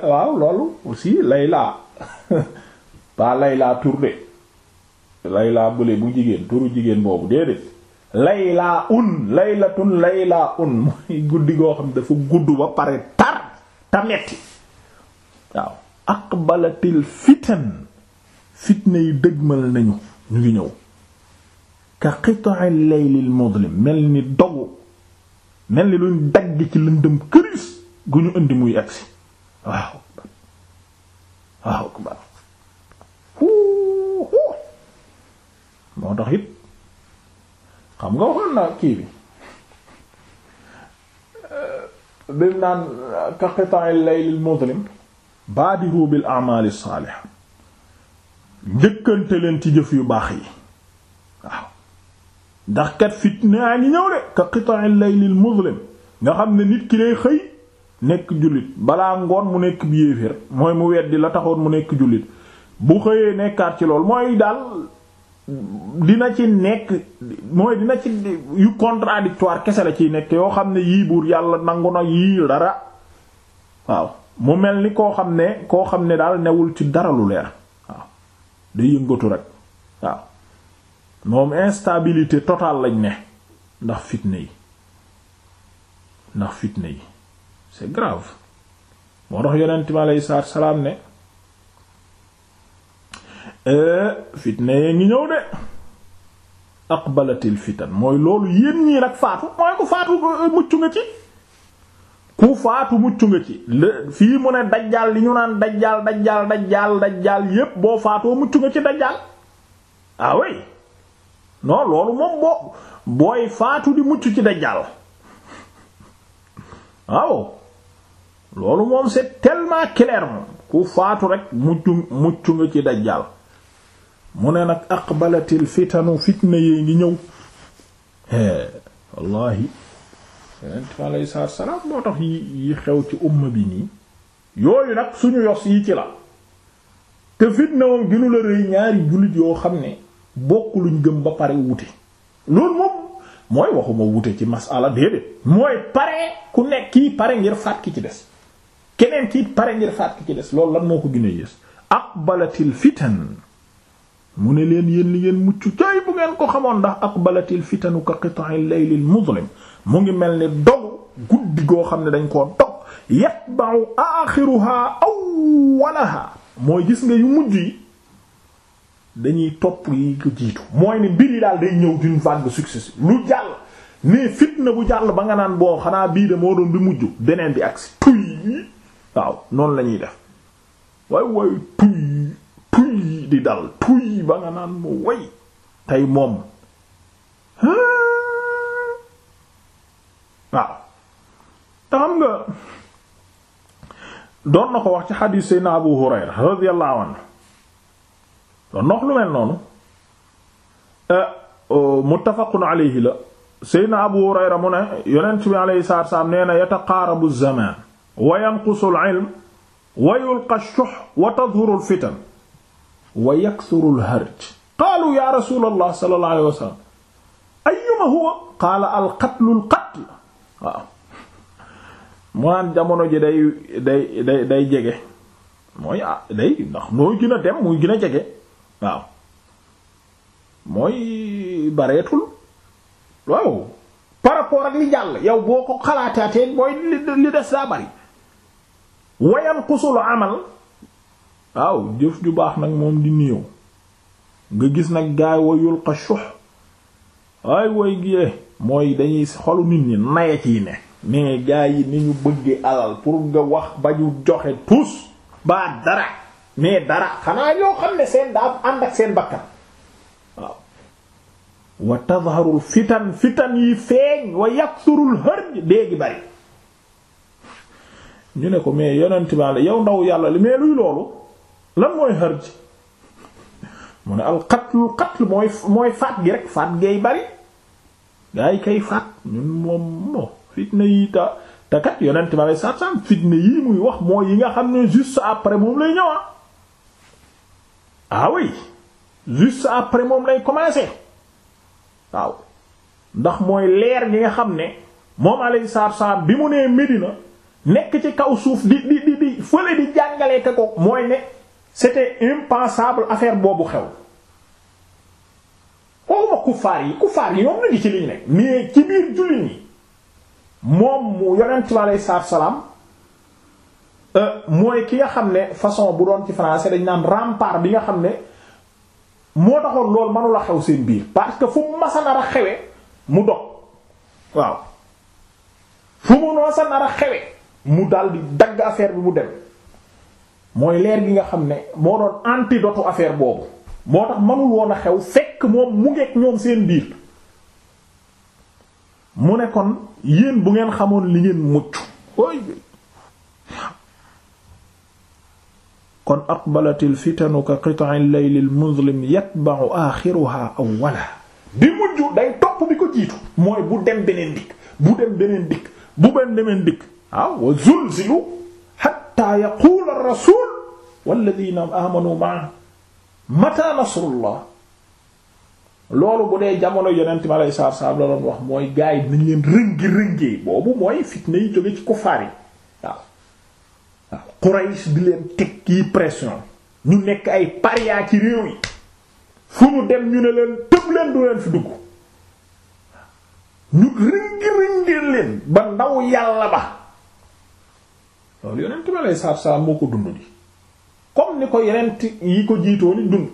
*laughs* waaw loolu aussi layla *laughs* pas layla tourné laylaa bële bu jigéen turu jigéen boobu déedéet laylaa un laylatun laylaa un mooy guddi goo xam dafa gudd ba pare tar ta metti waaw aqbalatil fitan fitna yi dëgmal nañu ñu ngi ñëw ka qita'il laylil mudlim mel ni dogu mel ni luñ dagg ci lëndëm këris gu ñu indi muy agsi waaw waaw akbar moo tax it xam nga waxoon na kii bi euh, bim naan ka qita'il laylil muzlim baadiru bil a'mali saaliha njëkkante leen ci jëf yu baax yi waaw ndax kat fitna ñi ñëw de ka qita'il laylil muzlim nga xam ne nit ki lay xëy nekk jullit balaa ngoon mu nekk bi yéeféer mooy mu weddi la taxoon mu nekk jullit bu xëyee nekkaat ci lool mooy daal dina ci nekk mooy dina ci yu contradictoire kese la ciy nekk yoo xam ne yii buur yàlla nangu na yii dara waaw mu mel ni koo xam ne koo xam ne daal newul ci dara lu leer waaw day yëngatu rek waaw moom instabilité totale lañ ne ndax fitne yi ndax fitne yi c'est grave moo tax yonent mi aleyhi salaam ne Euh, fitna yee ngi ñëw de aqbalatil fitan mooy loolu yéen ñii nag faatu mooy ku faatu euh, mucc nga ci ku faatu mucc nga ci le fii mu ne dajjaal li ñu naan dajjaal dajjaal dajjaal dajjaal yépp boo faatoo mucc nga ci dajjaal ah faatu di mucc ci dajjaal waaw loolu moom c'est tellement clair moom ku faatu rek mucc mucc nga ci dajjaal mu ne nag aqbalatil fitanu fitna yee ngi ñëw wallahi yonent mi aleyhi salaatu salaam moo tax yi xew ci umma bi nii yooyu nag suñu yos yi ci la te fitna moom ginu la rëy ñaari jullit yoo xam ne bokk luñ gëm ba pare wute loolu moom mooy waxuma wute ci masala déedéet mooy pare ku nekk kii pare ngir faat ki ci des keneen kii pare ngir faat ki ci des loolu lan moo ko gën a yées aqbalatil fitan mu ne leen yéen li ngeen mucc cay bu ngeen ko xamoon ndax aqbalatil fitanu ka qita'il laylil muzlim mu ngi mel ni dogu guddi goo xam ne dañ koo dog yatba'u axiruha awwalaha mooy gis nga yu mujj yi dañuy topp yi ko jiitu mooy ne mbir yi daal day ñëw d'une vague successive lu jàll ne fitna bu jàll ba nga naan boo xanaa bii de moo doon bi mujj beneen bi ak si tuy waaw noonu la def waay waay tuy tuy di dal tuy ba nga naan mu way tey moom waaw te xam nga doon na ko wax ci xadiis Seydina Abu Hurayra radiyallahu anhu doon na wax lu mel noonu eh, oh, muttafaqun alayhi la Seydina Abu Hurayra mu ne yonent bi alayhi salaatu salaam nee na yataqaarabu az-zamaan wa yanqusu al-ilm wa yulqa ash-shuh wa tadhuru al-fitan wa yakthuru al-harj qaalu ya rasulallah sallallahu alayhi wa sallam ayyuma huwa qaala al-qatlu al-qatl waaw mu naan jamono ji day day day day jege mooy ah day ndax nooy gën a dem muy gën a jege waaw mooy bareetul waaw par rapport ak li jàll yow boo ko xalaataatee mooy li des daa bari wayanqusul amal waaw jëf ju baax nag moom di néew nga gis nag gaay wayul xa sux ay way giyee mooy dañuy xolu nit ñi naye ci ne mais gaay yi ni ñu bëggee alal pour nga wax ba ñu joxe tous ba dara mais dara xanaa yoo xam ne seen daa ànd ak seen bakkan waaw wa tadharul fitan fitan yi feeñ wa yakturul hërj déegi bari ñu ne ko mais yonent bi yow ndaw yàlla li mais luy loolu lan mooy harj mu ne al qatlu mooy mooy faat gi rek faat gay bari gaa yi kay faat ñun moom moo fitna yi ta te yonent ma lay saat saam yii muy wax mooy yi nga xam ne juste après moom lay ñëwa ah oui juste après moom lay commencer waaw ndax mooy leer gi nga xam ne moom alayhi salaatu salaam bi mu nee Medina nekk ci kaw suuf di di di di fële di jàngale ko mooy ne c'était impensable affaire boobu xew waxuma kuffaar yi kuffaar yi ñoom na ngi ci liñ nekk mais ci biir jullit ñi moom mu yonent bi aleyhi salaam euh, mooy ki nga xam ne façon bu doon ci français dañ naan rempart bi nga xam ne moo taxoon loolu manula xew seen biir parce que fu mu masa a xewe mu dog waaw fu mu noosa nar a xewe mu dal di dagg affaire bi mu dem mooy leer gi nga xam ne moo doon antidote affaire boobu moo tax mënul woon a xew fekk moom mu ngeeg ñoom seen biir mu ne kon yéen bu ngeen xamoon li ngeen mucc kon aqbalat al fitanu ka qit'i al-layl al-muzlim bi mujj day topp bi ko jiitu mooy bu dem beneen dikk bu dem beneen dikk bu beneen demeen dikk waaw wa zulzilu hatta yaqula ar walladina amanu maa mata nasrullah loolu bu dee jamono yonent ma lay saar saar la doon wax mooy gaa yi nañ leen rëngi rëngee boobu mooy fitna yi jóge ci kufaar yi waaw waaw di leen teg kii pression ñu nekk ay paria ci réew yi fu ñu dem ñu ne leen tëb leen du leen fi dugg ñu rëngi rëngee leen ba ndaw yàlla ba loolu yonent ma lay saar saar moo ko dund di comme ni ko yeneen yi ko jiitoo ni dund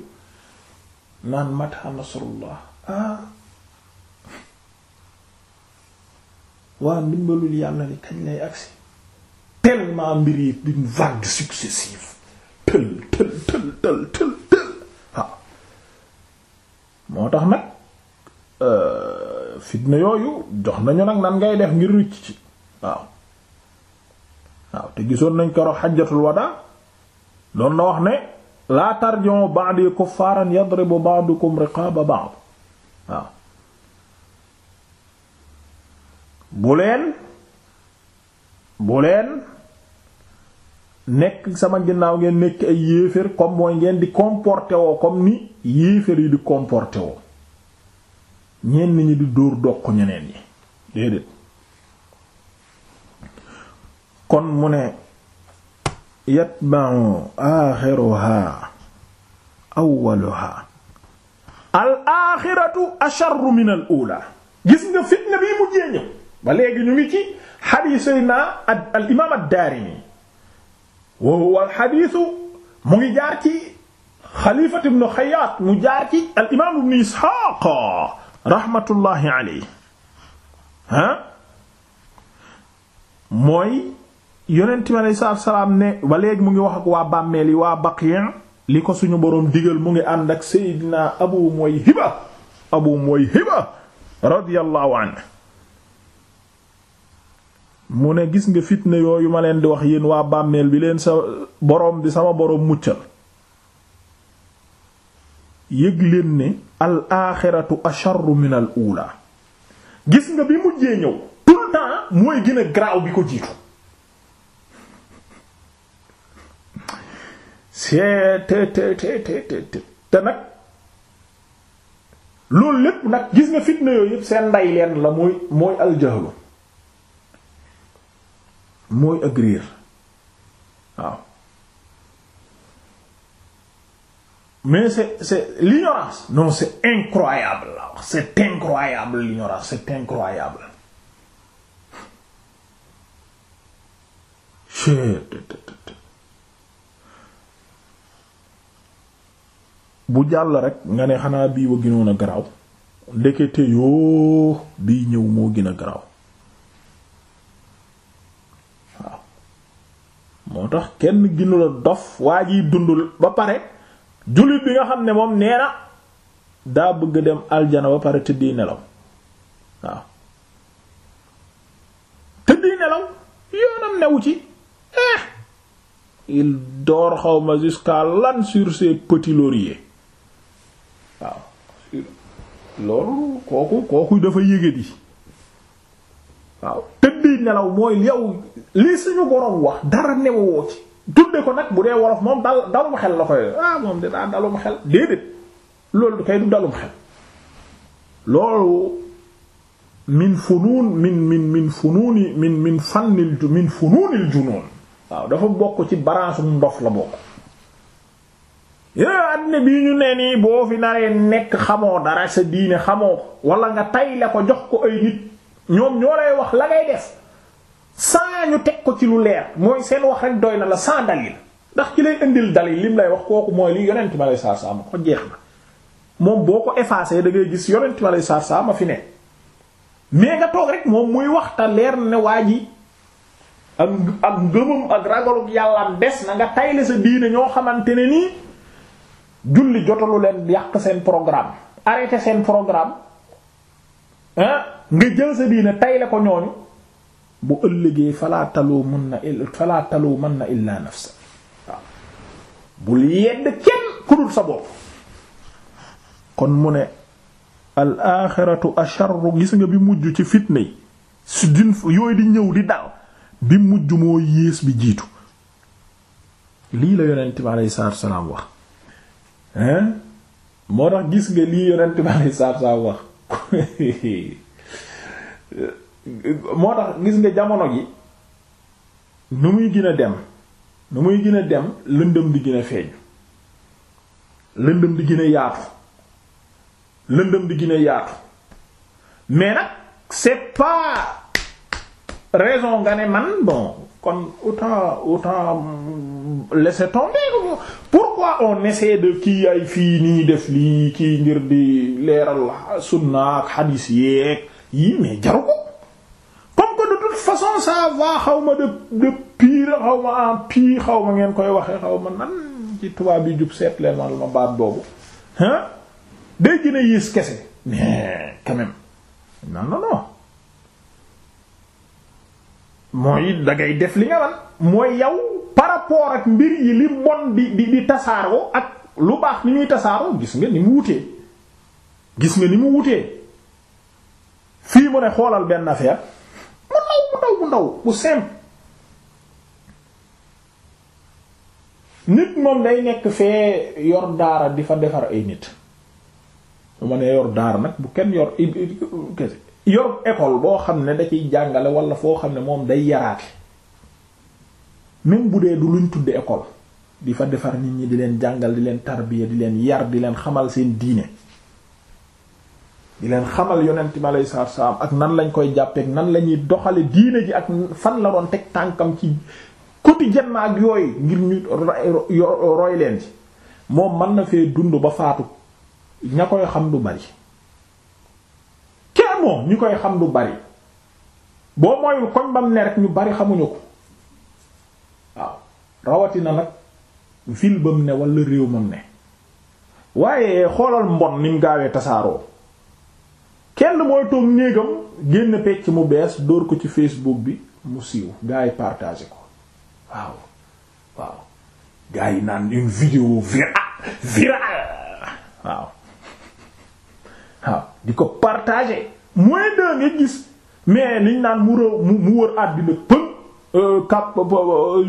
naan mata nasrullah ah waa ndimbalul yàlla li kañ lay agsi tellement mbir yi d'une vague successive tël tël tël tël tël tël waaw moo tax nag euh, fitna yooyu jox nañu nag nan ngay def ngir rëcc ci waaw waaw te gisoon nañ ko rox xajjatul wadaa doon na wax ne laa tarji'u ba'di kuffaaran yadribu ba'dukum riqaaba ba'd waaw bu leen bu leen nekk sama ginnaaw ngeen nekk ay yéeféer comme mooy ngeen di comporté woo comme ni yéeféer yi di comporté woo ñenn ñi di dóor doq ñeneen ñi déedéet kon mu ne yatba'u axiruha awwaluha al axiratu asharru min al ula gis nga fitna bii mujjee ñëw ba léegi ñu ngi ci xadiisay naa al imaam ad-Daarimi wa huwa al xadiisu mu ngi jaar ci xalifat ibn Xayyaat mu jaar ci al imaam ibn Isxaaq raxmatullaahi alayhi ha mooy yonent mi aleyhi salaam ne ba léegi mu ngi wax ak waa bàmmeel yi waa Baqiya li ko suñu boroom digal mu ngi ànd ak Seydina Abu Muwayhiba Abu Muwayhiba radiyallahu anhu mu ne gis nga fitna yooyu ma leen di wax yéen waa bàmmeel bi leen sa boroom bi sama boroom muccal yëg leen ne al aaxiratu asharru min al uulaa gis nga bi mujjee ñëw tout mooy gën garaaw bi ko jiitu c'est te te te te te nag loolu lépp nag gis nga fitna yooyu yépp seen nday leen la mooy mooy aljahlu mooy ak waaw mais c'est c'est l'ignorance non c'est incroyable la wax c'est incroyable l'ignorance c'est incroyable bu jàll rek nga ne xanaa bii wa gënoon a garaaw ndekete yoo bii ñëw moo gën garaaw waaw moo tax kenn ginu dof waa ji dundul ba pare jullit bi nga xam ne moom nee na daa bëgg dem aljana ba pare tëddii nelaw waaw tëddii nelaw yoonam newu ci eh il dort xawma jusqu'à l'âne sur ses petits lauriers loolu kooku kooku dafa yëgadi waaw tëddee nelaw mooy yow li suñu borom wax dara newoo ci tudde ko nag bu dee wolof moom dal dalum xel la koy ah moom de daa dalum xel déedéet loolu du kay du dalum xel loolu min funuun min min min funuuni min min fannil min funuunil junoon waaw dafa bokk ci branche ndox la bokk àddina bii ñu nee nii boo fi naree nekk xamoo dara sa diine xamoo ko wala nga tay la ko jox ko ay nit ñoom ñoo lay wax la ngay def sans ñu teg ko ci lu leer mooy seen wax rek doy na la sans dalil ndax ci lay indil dalil lim lay wax kooku mooy li yonent ma lay saar saa ma ko jeex na moom boo ko effacé da ngay gis yonent ma lay saar saa ma fi ne mais nga toog rek moom muy wax leer ne waa ji ak ak ngëmam ak ragaluk yàlla des na nga tay la sa ñoo xamante ne nii. julli jotalu leen yàq seen programme arrêté seen programme nga jël sa diine tay la ko ñooñu bu ëllëgee falaa taloo mën na il falaa taloo illaa nafsa bul yedd kenn ku sa bopp kon mu ne al axiratu acharru gis nga bi mujj ci fitna yi si din yooyu di ñëw di dal bi mujj moo yées bi jiitu lii la yonent bi alayhi salaatu salaam wax hein moo tax gis nga lii yonent bi alei saatu salaam wax moo tax gis nga jamono gi nu muy gën dem nu muy gën dem lëndëm di gën a lëndëm di gën yaatu lëndëm di gën a yaatu mais nag c'est pas raison nga ne man bon kon autant autant laisser tomber pourquoi on essaie de kii ay fii nii def lii kii ngir di leeral sunna ak xadiis yeeg yii mais jaru ko comme que de toute façon ça va xaw ma de de pire xaw ma en pire xaw ma ngeen koy waxe xaw ma nan ci tubaab bi jub seetle ma ma baat boobu hein day gën a yées kese mais quand même non non mooy dangay def li nga man mooy yow par rapport ak mbir yi li bon di di di tasaaroo ak lu baax ni ñuy tasaaroo gis nga ni mu wutee gis nga ni mu wutee fii mu ne xoolal benn affaire mu ndaw mu ndaw bu ndaw bu simple nit moom day nekk fee yor daara di fa defar ay nit bu ma nee yor daara nag bu kenn yor kese yor école boo xam ne da ciy jàngale wala foo xam ne moom day yaraate même bu dee du luñ tudde école di fa defar nit ñi di leen jàngal di leen tarbiya di leen yar di leen xamal seen diine di leen xamal yonent mi alayhi salaatu salaam ak nan lañ koy jàppeek nan lañuy ñuy doxale diine ji ak fan la doon teg tànkam ci quotidiennement ak yooyu ngir ñu roy leen ci moom mën na fee dund ba faatu ña koy xam du bari moom ñi koy xam du bari boo mooyul koñ bam ne rek ñu bari xamuñu ko waaw rawatina nag ville bam ne wala réew mam ne waaye xoolal mbon ni mu gaawee tasaaroo kenn mooy néegam génn pecc mu bees dóor ko ci Facebook bi mu siiw gars yi partagé ko waaw waaw gars yi naan une vidéo virale virale waaw di ko partagé moins deux nga gis mais liñ naan mu rëw mu mu wër euh, euh,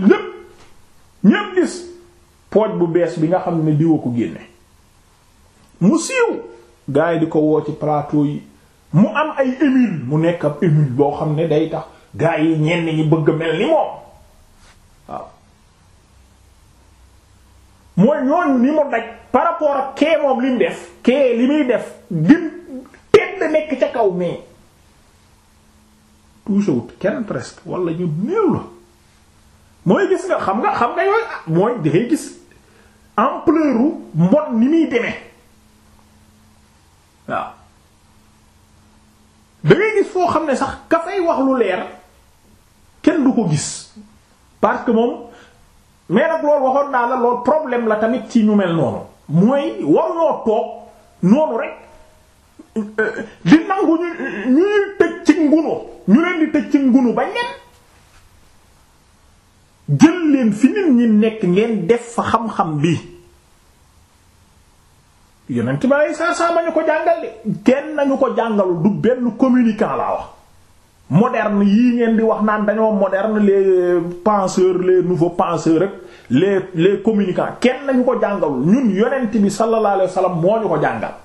ñépp gis pooj bu bees bi nga xam ne diwa ko génne mu siiw gars yi di ko woo ci plateau yi mu am ay émule mu nekk ab boo xam ne day tax gars yi ñenn ñi bëgg mel ni moom waaw mooy ñooñu ni mu daj par rapport ak kee moom li def kee li muy def gën nekk ca kaw mais touchewut kenn presque wala ñu néew xam nga xam nga yooyu ah, dangay gis ampleur u mbon muy demee waaw da ngay foo xam ne sax ka fay wax lu leer kenn du ko gis parce que moom mais nag loolu waxoon naa la loolu problème la tamit ci ñu mel noonu mooy waruñoo toog noonu rek di nangu ñu ñuy tëj ci ngunu ñu leen di tëj ci ngunu ba ñen jël leen fi nit ñi nekk ngeen def fa xam-xam bi yonent ba saa saa ma ñu ko jàngal de kenn nañu ko jàngalu du benn communicant laa wax moderne yii ngeen di wax naan dañoo moderne les penseurs les nouveaux penseurs rek les les communicants kenn nañu ko jàngalul ñun yonent bi sallallahu alayhi wasallam moo ñu ko jàngal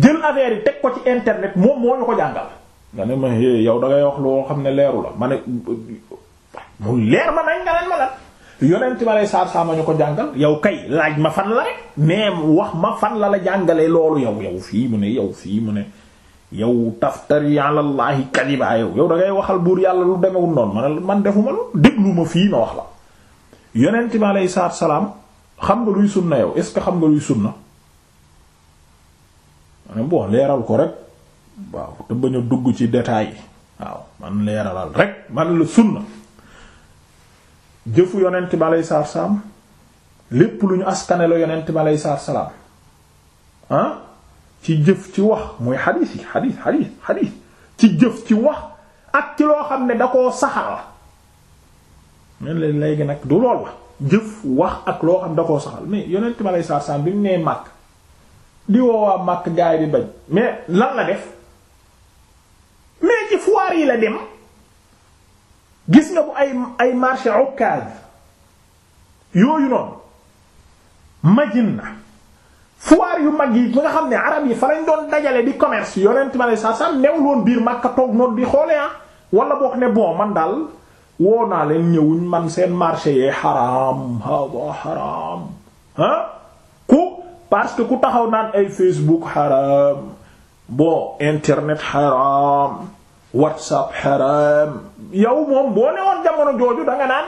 jël affaire yi teg ko ci internet moom moo ñu ko jàngal. nga ne ma eh yow da ngay wax loo xam ne leeru la ma ne mu leer ma nañ nga leen ma lan yonent ma lay ñu ko jàngal yow kay laaj ma fan la rek mais wax ma la la jàngalee loolu yow yow fii mu ne yow fii mu ne yow taftari ala llahi kadiba yow yow da ngay waxal buur yàlla lu demewul noonu man man defuma lu dégluma fii ma wax la yonent ma lay saar salaam xam nga luy sunna yow est ce que xam nga luy sunna. bon leeral ko rek waaw te bañ dugg ci détail yi waaw man leeralal rek man la sunna jëf yonent bi aleyhi salaatu salaam lépp lu ñu askane la yonent bi aleyhi salaatu salaam ah, ci jëf ci wax muy xadiis yi xadiis xadiis ci jëf ci wax ak ci loo xam ne da koo saxal leen léegi nag du lool la wax ak loo xam da koo saxal mais yonent bi aleyhi salaatu salaam bi mu nee màkk di woowaa màkk gaay di bañ mais lan la def mais ci foire yi la dem gis nga bu ay ay marché occas yooyu noonu majin na foire yu mag yi ba nga xam ne arab yi fa lañ doon dajale di commerce yonent ma ne saa saa newul woon biir màkka toog noonu di xoole ah wala boog ne bon man daal woo naa leen ñëwuñ man seen marché yee xaraam hada xaraam ah parce que ku taxaw naan ay Facebook xaraam bon internet xaraam WhatsApp xaraam yow moom boo ne woon jamono jooju da nga naan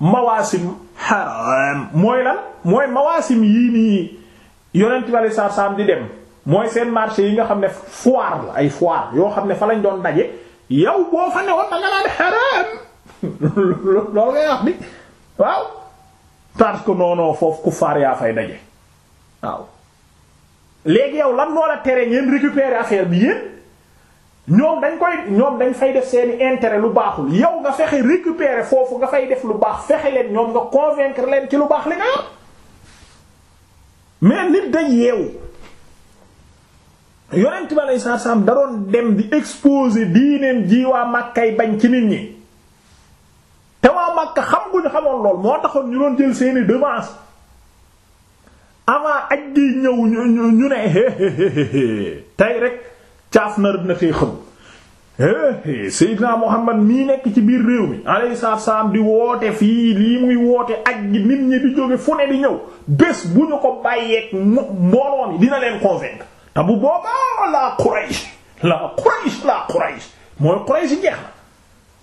mawaasim xaraam mooy lan mooy mawaasim yii nii yonent bi saa saam di dem mooy seen marché yi nga xam ne foire la ay foire yoo xam ne fa lañ doon daje yow boo fa ne woon da naan xaraam *laughs* loolu ngay wax bi waaw parce que non foofu ku faar yaa fay daje. waaw léegi yow lan moo la tere ngeen récupérer affaire bi yéen ñoom dañ koy ñoom dañ fay def seeni intérêt lu baaxul yow nga fexe récupérer foofu nga fay def lu baax fexe leen ñoom nga convaincre leen ci lu baax li nga am mais nit day yeewu yonent bi aleyhi salaatu salaam da doon dem di exposer diineen ji waa Màkkay bañ ci nit ñi te waa Màkka xam guñu xamoon lool moo taxoon ñu doon jël seeni devance avant aj gi ñëw ñu ñu ne tey rek caaf na rëdd na tey xëm Seydina Muhammad mii nekk ci biir réew mi alayhi salaam di woote fii lii muy woote aj gi nit ñi di jóge fu ne di ñëw bés bu ñu ko bàyyeek mbooloo mi dina leen convaincre te bu boobaa la Quraysh la Quraysh la Quraysh mooy Quraysh jeex na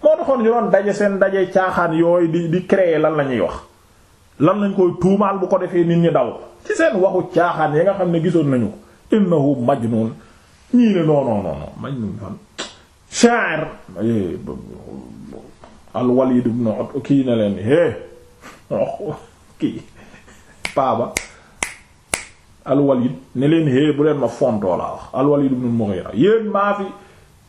moo taxoon ñu daje seen daje caaxaan yooyu di di créer lan la ñuy wax lan lañ koy tuumaal bu ko defee nit ñi daw ci seen waxu caaxaan yi nga xam ne gisoon nañu ko innahu majnun ñii ne non non non majnun fan sha'ir al Walid ibn Utba kii na leen é kii ne leen é *laughs* bu leen ma fontoo laa wax al Walid ibn Mughira yéen maa fi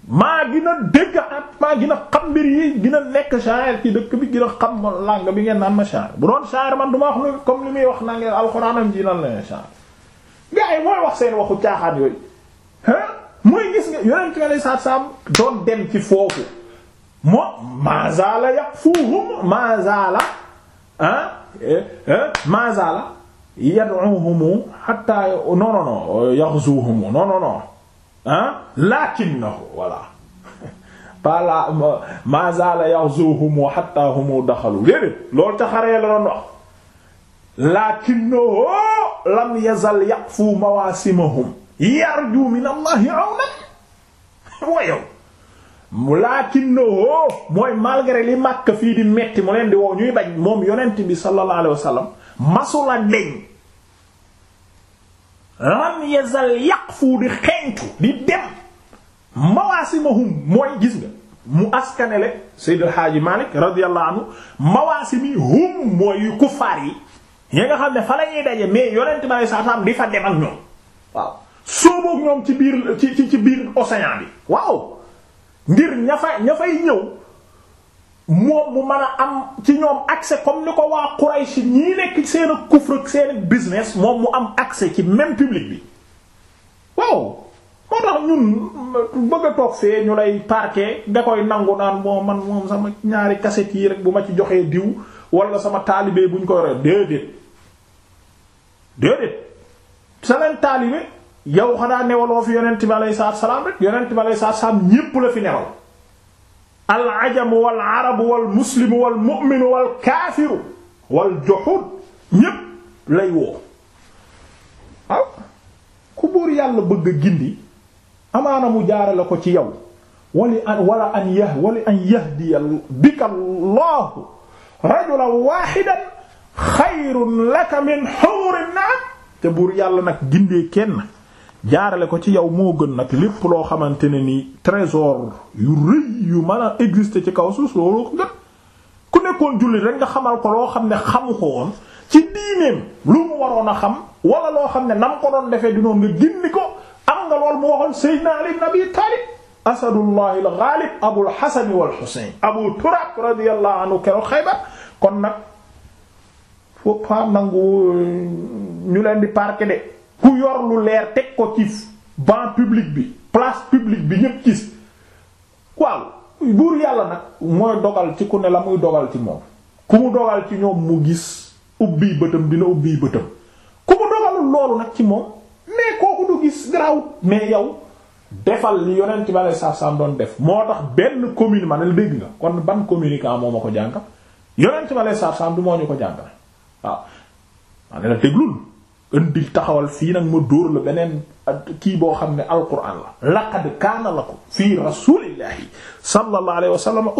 maa gën a dégg at maa gën a xam mbir yi gën nekk shaa'ir ci dëkk bi gën a xam langue bi ngeen naan ma shaa'ir bu doon shaa'ir man du ma wax comme ni muy wax naa ngeen alxuraanam ji lan la ne shaa'ir mooy wax seen waxu caaxaan yooyu ah mooy gis nga yonent nga lay saat saam doon dem ci foofu moo maazala yaqfuhum maazala ah eh, eh, maazala yad'uhum hatta non non non yaxzuhum ah lakinnahu voilà pas la ma zala yaxzuhum hatta hum daxalu léedée loolu ca xaree la doon wax lakinnahu lam yazal yaqfu mawasimahum yarju min allahi awnan wa yow lakinnahu mooy malgré li màkk fii di metti mu leen di wow ñuy bañ moom yonent bi sallallahu alayhi wasallam masula deñ lam yazal yaqfu di xeeñtu di dem mawaasimahum mooy gis nga mu askanele Seyd El Hadji Malick radiyallahu mawaasimi hum mooy kuffaar yi ya nga xam ne fa la ñuy daje mais yonent ba di fa dem ak ñoom waaw sooboog ñoom ci biir ci ci biir océan bi waaw ngir ña fa ña fay ñëw. moom mu mën a am ci ñoom accès comme ni ko waa Quraysh ñii nekk seen ak kufr ak seen business moom mu am accès ci même public bi waaw moo tax ñun bëgg a toog fee ñu lay parquer da koy nangu naan moo man moom sama ñaari cassette yi rek bu ma ci joxee diw walla sama taalibe buñ ko yore déedéet déedéet sa leen taalibe yow xanaa newaloo fi yonent bi alayhi salaam rek yonent bi alayhi salaam ñépp la fi newal al ajamu wal arabu wal muslimu wal mu'minu wal kaafiru wal juhud ñépp lay woo ah ku buur yàlla bëgg a gindi amaana mu jaarale ko ci yow wali an wala an yah wali an yahdiya bika allahu rajulan waahidan xayrun laka min humrin na'am te buur yàlla nag gindee kenn jaarale ko ci yow moo gën nag lépp loo xamante ne ni trésor yu rëy yu mën a exister ci kaw suuf loolu ko gën ku nekkoon jullit rek nga xamal ko loo xam ne xamu ko woon ci diineem lu mu waroon a xam wala loo xam ne nam ko doon defee di noonu nga gindi ko am nga lool mu waxoon Seydina Ali ibn Abi Talib asadullahi al-ghalib wal Husayn Abu Turab radiyallahu anhu keroog Xaybar kon nag faut pas nangu ñu leen di parquer de ku yor lu leer teg ko ci banc public bi place publique bi ñépp gis waaw buur yàlla nag mooy dogal ci ku ne la muy dogal ci moom ku mu dogal ci ñoom mu gis ubbi bëtam dina ubbi bëtam ku mu dogalul loolu nag ci moom mais kooku du gis garaawut mais yow defal li yonent ba lay saaf saam doon def moo tax benn commune ma dégg nga kon ban communicant moo ma ko jàngal yonent ba lay saaf du moo ñu ko jàngal waaw ma la déglul indi taxawal fii nag ma dóor la beneen kii boo xam ne alquran la laqad kaana lakum fii rasulillahi sallallahu alayhi wa sallam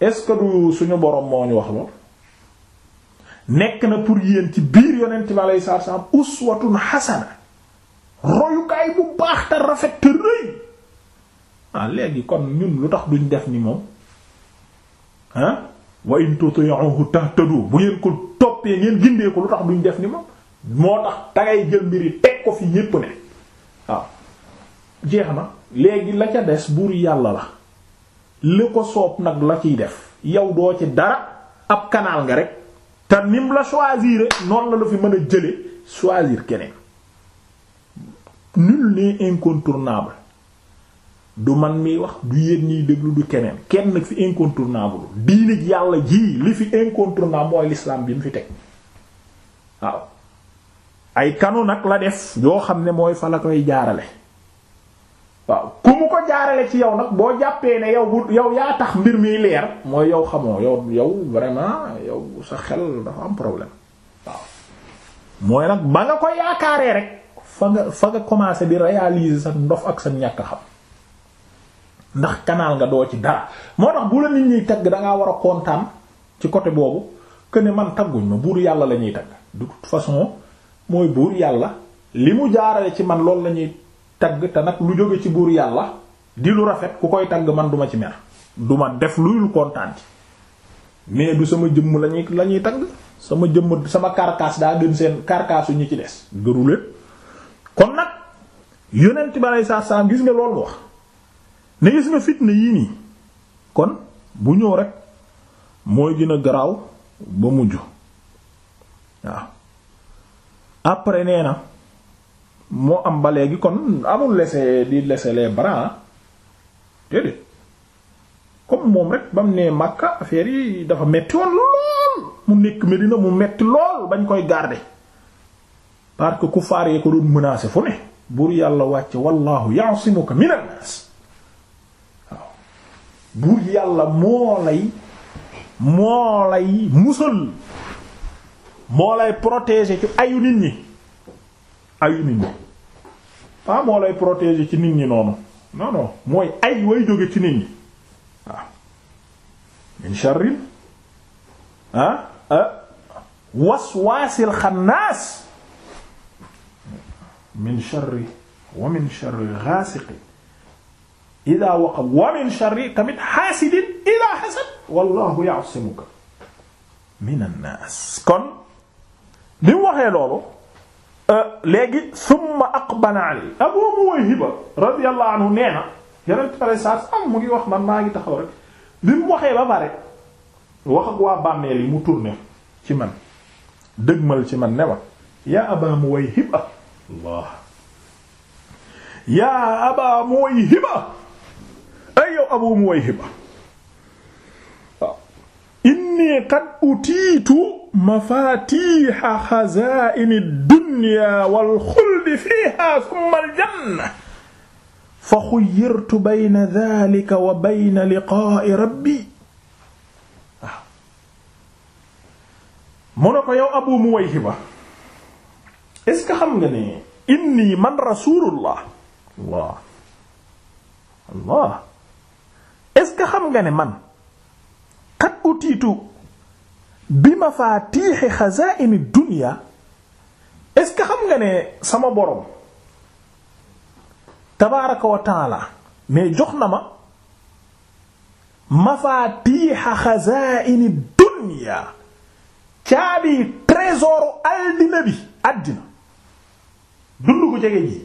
ce que suñu boroom moo wax lool na pour yéen ci biir yonent bi alayhi salaatu salaam uswatun hasana royukaay bu baax te rafet rëy ah léegi kon ñun lu tax duñ def ni moom ah wa in tuti'uhu tahtadu bu ngeen ko toppee ngeen tax duñ def ni moom moo tax dangay teg ko fi ñépp ne na léegi la des buur yàlla la li ko soob nag la ciy def yow doo ci dara ab canal nga rek te nim la choisir noonu la la fi mën a jële choisir keneen nul n'est incontournable du man miy wax du yéen ñiy déglu du keneen kenn nag fi incontournable diine yàlla ji li fi incontournable mooy l'islam bi mu fi teg waaw ay kanu nag la def yoo xam ne mooy fa la koy jaarale waaw ku mu ko jaarale ci yow nag boo jàppee ne yow bu yow yaa tax mbir mi leer mooy yow xamoo yow yow vraiment yow sa xel dafa am problème waaw mooy nag ba nga ko yaakaaree rek fa nga fa nga commencé di réaliser sa ndof ak sa ñàkk xam ndax kanaal nga doo ci dara moo tax bu la nit ñiy tagg dangaa war a kontaan ci côté boobu que ne man tagguñ ma buur yàlla la ñuy tagg de toute façon mooy buur yàlla li mu jaarale ci man loolu lañuy ñuy tagg te nag lu jóge ci buur yàlla di lu rafet ku koy tagg man duma ci mer duma def lu kontaan ci mais du sama jëmm lañuy la ñuy tagg sama jëmm sama karkaas daa gën seen karkaasu ñu ci des gëruleen kon nag yonent bi aleyhi salaam gis nga loolu wax ne gis nga fitna yii nii kon bu ñëw rek mooy gën a garaaw ba mujj waaw après nee na moo am ba léegi kon amul laisser di laisser les bras déedéet comme moom rek ba mu nee Makka affaire yi dafa metti woon lool mu nekk Medina mu metti lool bañ koy garder parce ku faar yee ko doon menacer fu ne buur yàlla wàcce wallahu ya'simuka minan nas buur yàlla moo lay moo lay musal moo lay protéger ci ayu nit ñi ayu nit ñi pas moo lay protéger ci nit ñi noonu non mooy ay way jóge ci nit ñi waaw min sharrin ah, ah. waswaasil wa min sharri ida waqab wa min sharri tamit xaasidin ida xasad wallahu ya'simuka min an-nas kon bi mu waxee loolu euh, léegi summa aqbala alay abu muwayhiba radiyallahu anhu nee na yenent pare sars am mu ngi wax man maa ngi taxaw rek bi mu waxee ba pare wax ak waa bàmmeel yi mu tourné ci man dëgmal ci man ne ma yaa aba muwayhiba allah yaa aba muwayhiba yow Abu Muwayhiba inni qad utiitu mafaatiiha xazaa'ini dunya wal xuldi fiiha summa al janna fa xuyyirtu bayna daalika wa bayna liqaa'i rabbi waaw mu ne ko yow Abu Muwayhiba est-ce que xam nga ne inni man rasuulullah Allah Allah est-ce que xam nga ne man xat utiitu bi mafatixi xazaini dunya est-ce que xam nga ne sama borom tabaraka wa mais jox na ma mafatixa xazaini dunya caabi trésor aldina bi àddina dund ko jege ji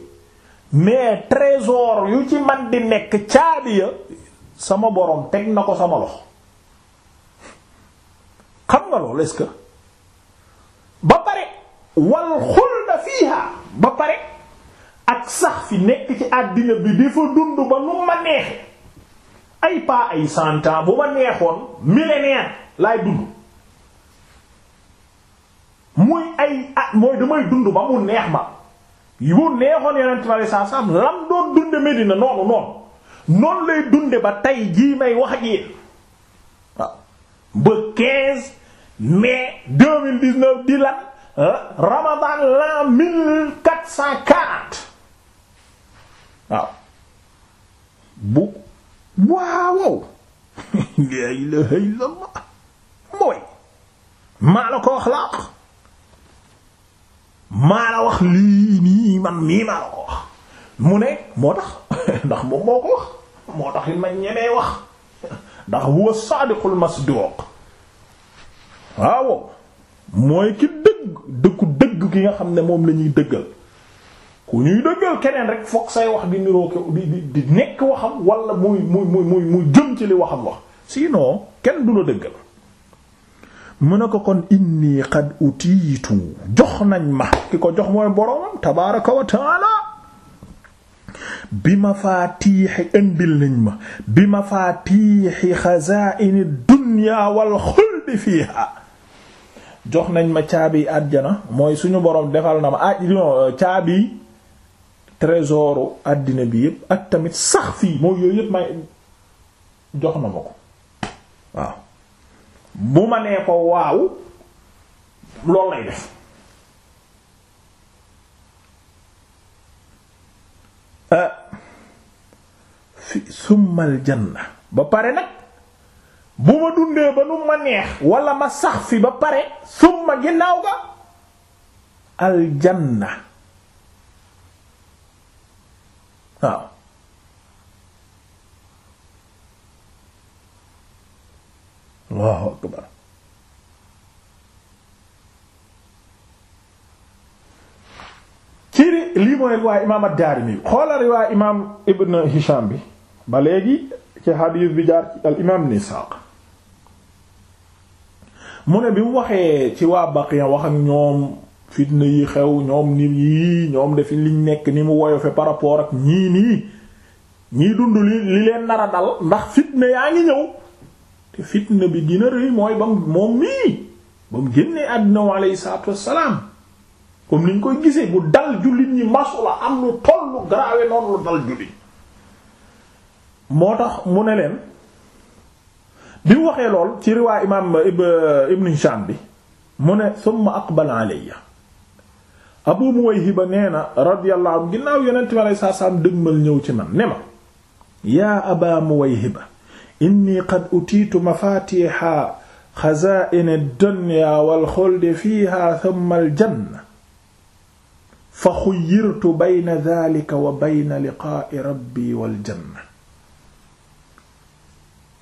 mais trésor yu ci man di nekk caabi ya sama borom teg na ko sama loxo xam nga loolu est-ce que ba pare wal xulda fiiha ba pare ak sax fi nekk ci àddina bi di fa dund ba nu ma neexe ay pas ay santa bu ma neexoon millénaire laay dund muy ay at mooy damay dund ba mu neex ma yu neexoon yeneen traçage am lam doon dund Medina noonu noonu. noonu lay dunde ba tey jii may wax ak yéen waaw ba 15 mai 2019 di lan euh, ramadan l'an 1440 waaw bu waawow *laughs* la ilaha illallah mooy maa la ko wax laa maa la wax lii nii man mii maa la ko wax mu ne moo tax *laughs* ndax moom moo ko wax moo tax it ma ñemee wax ndax huwa saadiqul masduq waaw mooy ki dëgg dëkku dëgg ki nga xam ne moom la ñuy dëggal ku ñuy dëggal keneen rek foog say wax di niroo di di nekk waxam walla muy muy muy muy jëm ci li waxam wax sinon kenn du la dëggal mu ne ko kon inni qad utiitu jox nañ ma ki ko jox mooy boroomam tabaaraka wa taala bi ma faa tiixi indil nañ ma bi ma faa tiixi xazaa'ini dunya wal xuldi fiiha jox nañ ma caabi àjjana mooy suñu boroom defal na ma ah caabi trésoru àddina bi yépp ak tamit sax fii mooy yooyu yépp may jox na ma ko waaw bu ma nee ko waaw loolu lay def Ah. fi summal ba pare nag bu ma dundee ba nu ma neex wala ma sax fi ba pare summa ginnaaw ga aljanna waaw Allahu akbar lii mooy riwaay imaam ad-Daarimi xoolal riwaay imaam Ibn Hisham bi ba léegi ci xadiis bi jaar ci al imaam Ibn Isaaq mu ne bi mu waxee ci waa Baqiya wax ak ñoom fitna yi xew ñoom nit yi ñoom dafi liñ nekk ni mu woyofe par rapport ak ñii nii ñii dund li leen nar dal ndax fitna yaa ngi ñëw te fitna bi dina rëy mooy ba mu moom mii ba mu génnee àddina wa aleyhi salaatu comme niñ koy gisee gu dal jullit ñi masula am lu tollu grave noonu lu dal jullit moo tax mu ne leen bi mu waxee lool ci riwaay imaam ibn Hisham bi mu ne summa aqbal alayya Abu Muwayhiba nee na radiyallahu anhu ginnaaw yonent bi alayhi salaam dëgmal ñëw ci man ne ma yaa Aba Muwayhiba inni qad utiitu mafaatiha xazaa'ini ad-dunya wal xuldi fiiha thumma al fa xuyyirtu bayna dhalika wa bayna liqaa'i rabbi wal janna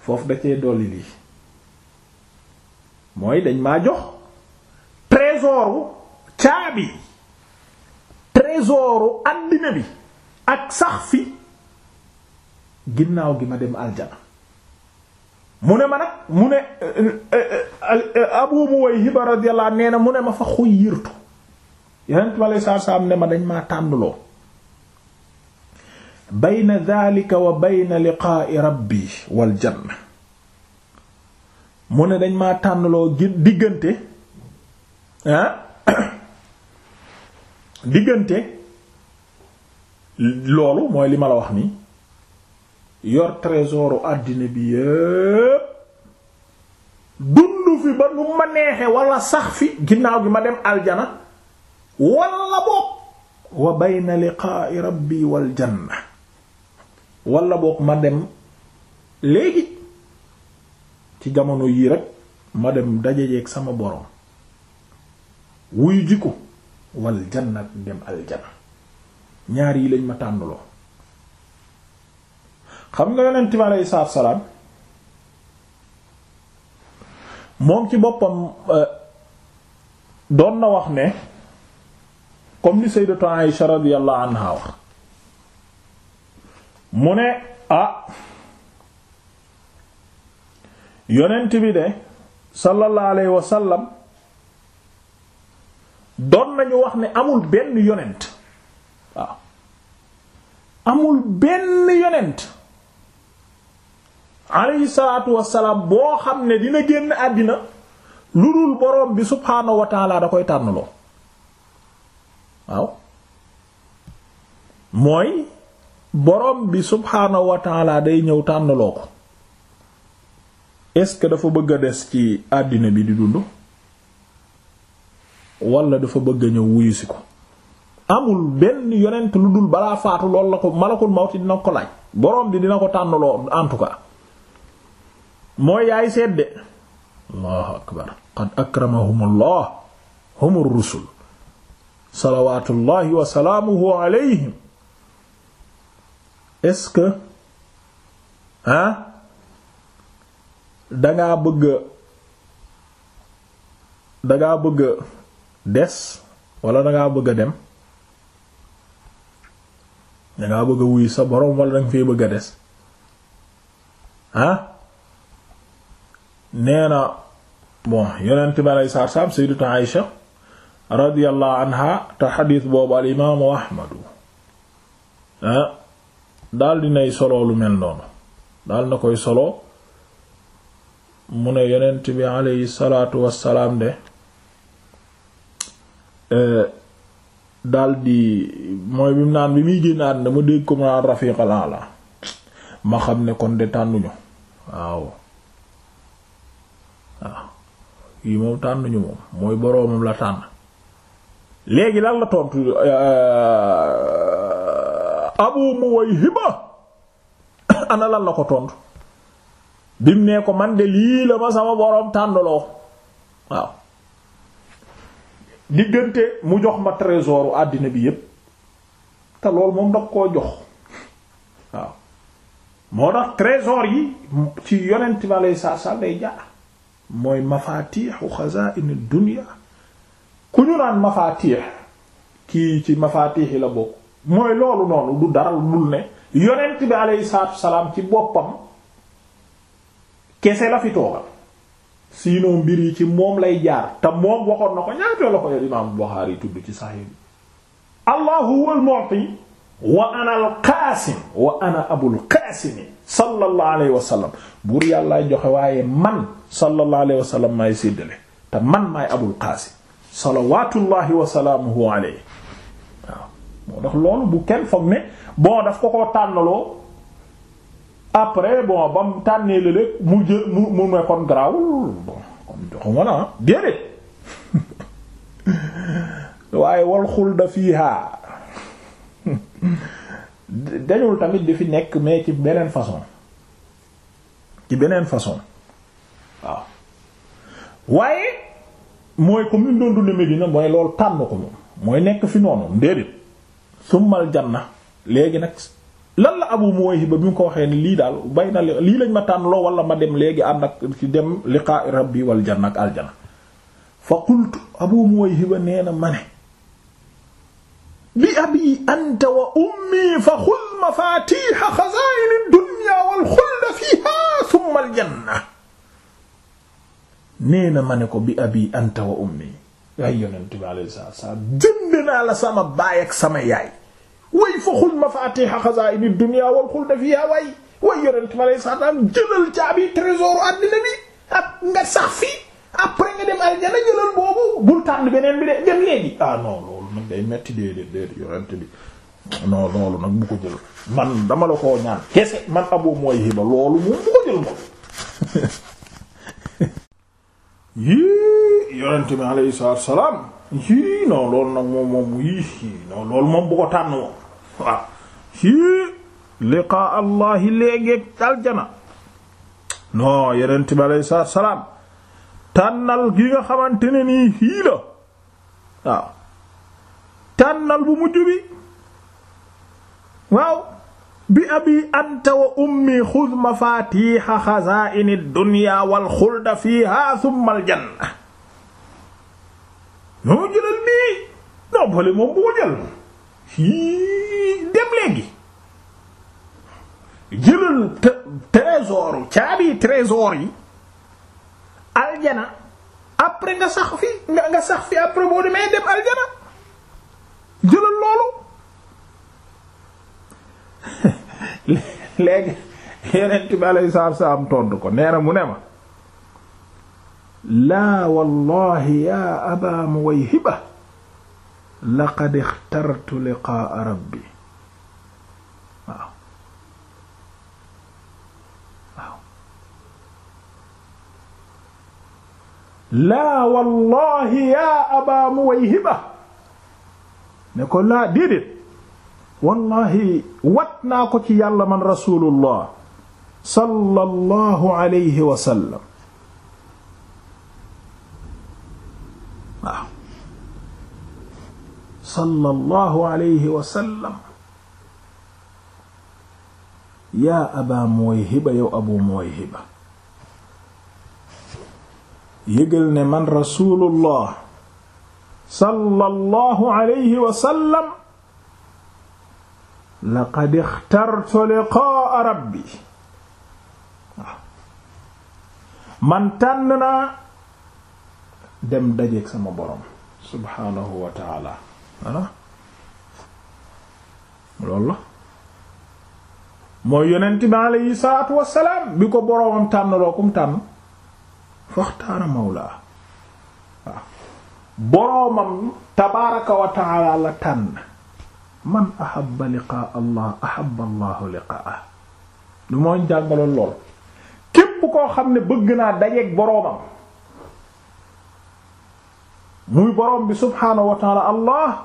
foofu da cee dolli lii mooy dañ maa jox trésoru caabi trésoru àddina bi ak sax fi ginnaaw gi ma dem aljana mu ne ma nag mu ne euh, euh, euh, Abu Muwayhiba radiyallahu anhu nee na mu ne ma fa xuyyirtu yeneen ma lay saar-saam ne ma dañ maa tànnloo bayna dhalika wa bayna liqaa'i rabbi wal janna mu ne dañ maa gi diggante ah *coughs* diggante loolu mooy li ma la wax ni yor trésoru àddina bi yépp dund fi ba nu ma neexe wala sax fi ginnaaw gi ma dem aljana wala boog wa bayna liqaa'i rabbi wal janna wala boog ma dem léegi ci jamono yii rek ma dem dajejeeg sama borom wuy ji ko wal dem aljana ñaar yi lañ ma tànnloo xam nga yonent bi aleyhi salaatu salaam moom ci boppam euh, doon na wax ne comme ni sayyidatu Aisha radiyallahu anha wax mu ne ah yonent bi de sallallahu alayhi wa sallam doon nañu wax ni amul benn yonent amul benn yonent alayhi salaatu wassalaam boo xam ne dina génn àddina lu dul boroom bi subhaanahu wa ta'ala da koy tànnaloo waaw mooy borom bi subhaanahu wa day ñëw tànnaloo ko est-ce que dafa bëgg a des ci àddina bi di dund wala dafa bëgg a ñëw wuyu ko amul benn yonent lu dul balaa faatu loolu la ko malakul mawti dina ko laaj borom bi dina ko tànnaloo en tout cas mooy yaay sedde allahu akbar qad akramahumullah humur rusul salawaatullahi wa salaamuhu alayhim est-ce que ah dangaa bëgga dangaa bëgga des wala dangaa bëgga dem dangaa bëgga wuy sa borom wala danga fee bëgga des ah nee na bon yonent bi aleyhi salaatu wa salaam sayyidatu Aïsha radiyallahu anha te xadiis boobu al imaamu ahmadu ah daal dinay solo lu mel noonu daal na koy solo mu ne yonent bi aleyhi salaatu wassalaam de e, daal di mooy bi mu naan bi muy génn àddina mu dégg ko mu naan rafiqal ala ma xam ne kon de tànnuñu waaw waaw yi moom tànnuñu moom mooy boroomam la tànn léegi lan la tontu euh, euh, Abu Muwayhiba *coughs* ana lan la ko tontu bim nee ko man de lii la ma sama boroom tàndaloo waaw diggante mu jox ma trésoru àddina bi yëpp te loolu moom daf koo jox waaw moo tax trésor yi ci yonent bi aleyhi salaatu jaar mooy mafaatiixu xazaa'ini dunya ku ñu naan mafaatix kii ci mafaatix la bokk mooy loolu noonu du dara dul ne yonent bi aleyhi salaam ci boppam kese la fi toogal sinon mbir yi ci moom lay jaar te moom waxoon na ko ñaatoo la ko yar Buxaari tudd ci Sahih bi allahu huwa al-mu'ti wa wa ana abul qaasimi sallallahu alayhi wa buur yàllaay joxe waaye man sallallahu alayhi wa maay séddale te man maay abul qaasim salawaatullahi wa salaamuhu alayhi waaw moo tax loolu bu kenn foog ne bon daf ko koo tànnaloo après bon ba mu tànnee léeg mu jël mu mu ne kon garaawul bon kon joxuma la déedéet *laughs* waaye wal xulda fiha *laughs* dañul tamit di fi nekk mais ci beneen façon ci beneen façon waaw waaye mooy comme ni mu doon dund Medina mooy loolu tànn ko moom mooy nekk fi noonu déedéet summal janna léegi nag lan la Abu Muwayhiba bi mu ko waxee ni lii daal bay na lii lañ ma tànn loo wala ma dem léegi ànd ak ci dem liqaa rabbi wal janna ak aljana fa qultu Abu Muwayhiba nee na ma ne bi abi anta wa ummi fa xul mafatiha xazaa'ini dunya wal xuld fiha thumma al janna nee na ma ne ko bi abi anta wa ummi ay yonent bi alayhi salaatu salaam jënd naa la sama baay ak sama yaay way fa xul mafaatiha xazaa'ini dunya wal xuld fiha way way yonent bi alayhi salaatu salaam jëlal caabi trésor àddina bi ak nga sax fii après nga dem aljana jëlal boobu bul tànn beneen bi de dem léegi ah non loolu nag day metti déedéet déedéet yonent bi non loolu nag bu ko jël man dama la koo ñaan kese man Abu Muwayhiba loolu moom bu ko jël moom *laughs* yii yonente bi alayhi salaatu wassalaam yii non loolu nag moom moom yii non loolu moom bu ko tànn moom yii liqaa allahi léegi aljana non yonente bi alayhi salaatu wassalaam tànnal gi nga xamante ne nii yii la waaw tànnal bu mujj bi waaw bi abi anta wa ummi xud mafatiha xazaini dunya wal xulda fiha thumma al janna ñoo jëlal mii moom bu ko jël dem léegi jëlal trésor caabi trésor yi aljana après nga sax fi nga sax fi après boo demee dem aljana jëlal loolu *laughs* léegi yeneen bi aleyhi salaatu salaam tontu ko nee mu ne ma laa wallahi ya aba muwayhiba laqad ixtartu liqaa rabbi laa wallahi ya aba muwayhiba ne ko laa déedéet wallahi wat naa ko ci yàlla man rasulullah sallallahu alayhi wa sallam waaw sallallahu alayhi wa sallam yaa aba muwayhiba yow abu muwayhiba yëgal ne man rasulullah sallallahu alayhi wa sallam laqad ixtartu liqaa rabbi waaw man tànn naa dem dajeeg sama borom subhaanahu wa taala voilà loolu la mooy yonent bi salaatu wassalaam bi ko boroomam tànn loo kum tànn faxtaara mawlaa waaw boroomam tabaaraka wa la tànn man ahabba liqaa allah ahabba allahu liqaa'ah lu mooy jàngaloon lool képp koo xam ne bëgg naa dajeek boroomam muy boroom bi subhaanahu wa allah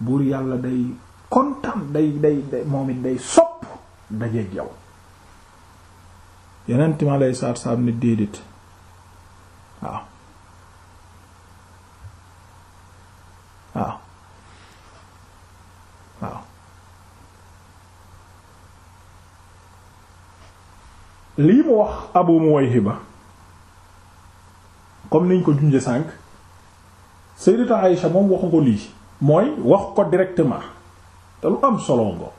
buur yàlla day kontaan day day moom it day sopp dajeek yow yeneen time lay saar saar ni déedéet waaw waaw lii mu wax Abu Muwayhiba comme niñ ko junje sànq Sayyidatu Aïsha moom waxu ko lii mooy wax ko directement te lu am solo ngo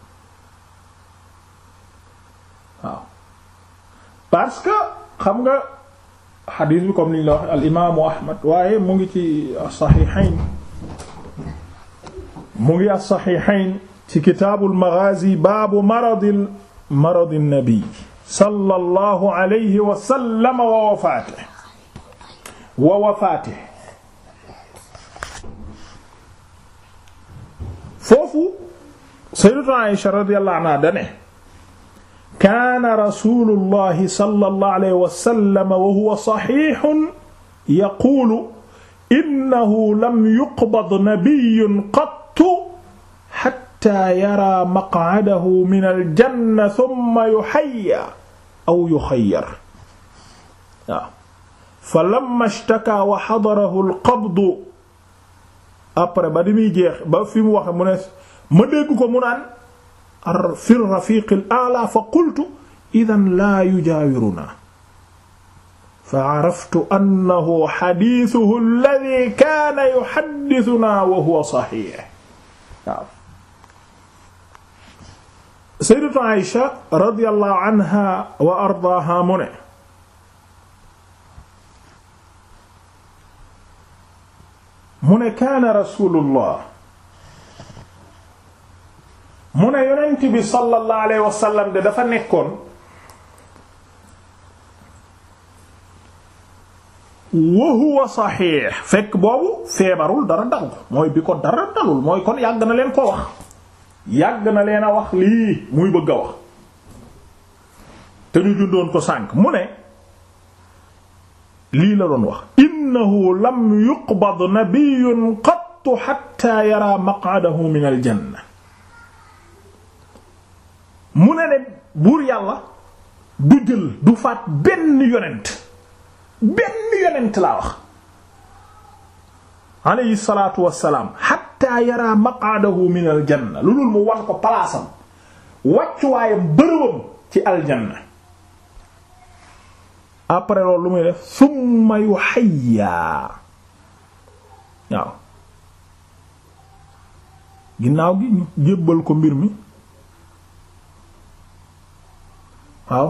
parce que xam nga xadiis lu comme niñ la wax al imaamu Ahmad waaye mu ngi ci as-Sahihayn mu ngi as-Sahihayn ci kitaabul Maghaazi baabu maradi nabi sallallahu alayhi wa sallam wa wafaate wa wafaate foofu sayyidatu Aisha radiyallahu anha dane kaana rasulullahi sallallahu alayhi wa sallam wa huwa sahihun yaqulu innahu lam yuqbad nabiyyun qattu hatta yara maq'adahu min aljanna thumma yuhayya aw yuxayyar waaw fa lamma ishtaka wa xadarahu al qabdu après ba di muy jeex ba fi mu waxe mu ne ma dégg ko mu naan fi rafiq al a'la fa qultu idan la yujaawiruna fa araftu annahu xadiisuhu alladhi kaana yuhaddithuna wa huwa saxiix waaw sayyidatu Aïsha radiyallahu anha wa ardaaha mu ne mu ne kaana rasulullah bi sallallahu alayhi wa sallam de dafa nekkoon wa huwa saxiix fekk boobu feebarul dara dalul mooy bi ko dara dalul mooy kon yàgg na leen ko wax yàgg na leen a wax lii muy bëgg wax te ñu jundoon ko sànq mu ne lii la doon wax innahu lam yuqbad nabiyyun qattu hatta yara maq'adahu min al janna mu ne ne buur yàlla du jël du faat benn yonent benn yonent laa wax alayhi salaatu wassalaam xatta yara maqaadahu min aljanna lu dul mu wan ko palaasam wàccuwaayam bërëbam ci aljanna après loolu lu muy def summa yuhayyaa waaw ginnaaw gi ñu jébbal ko mbir mi waaw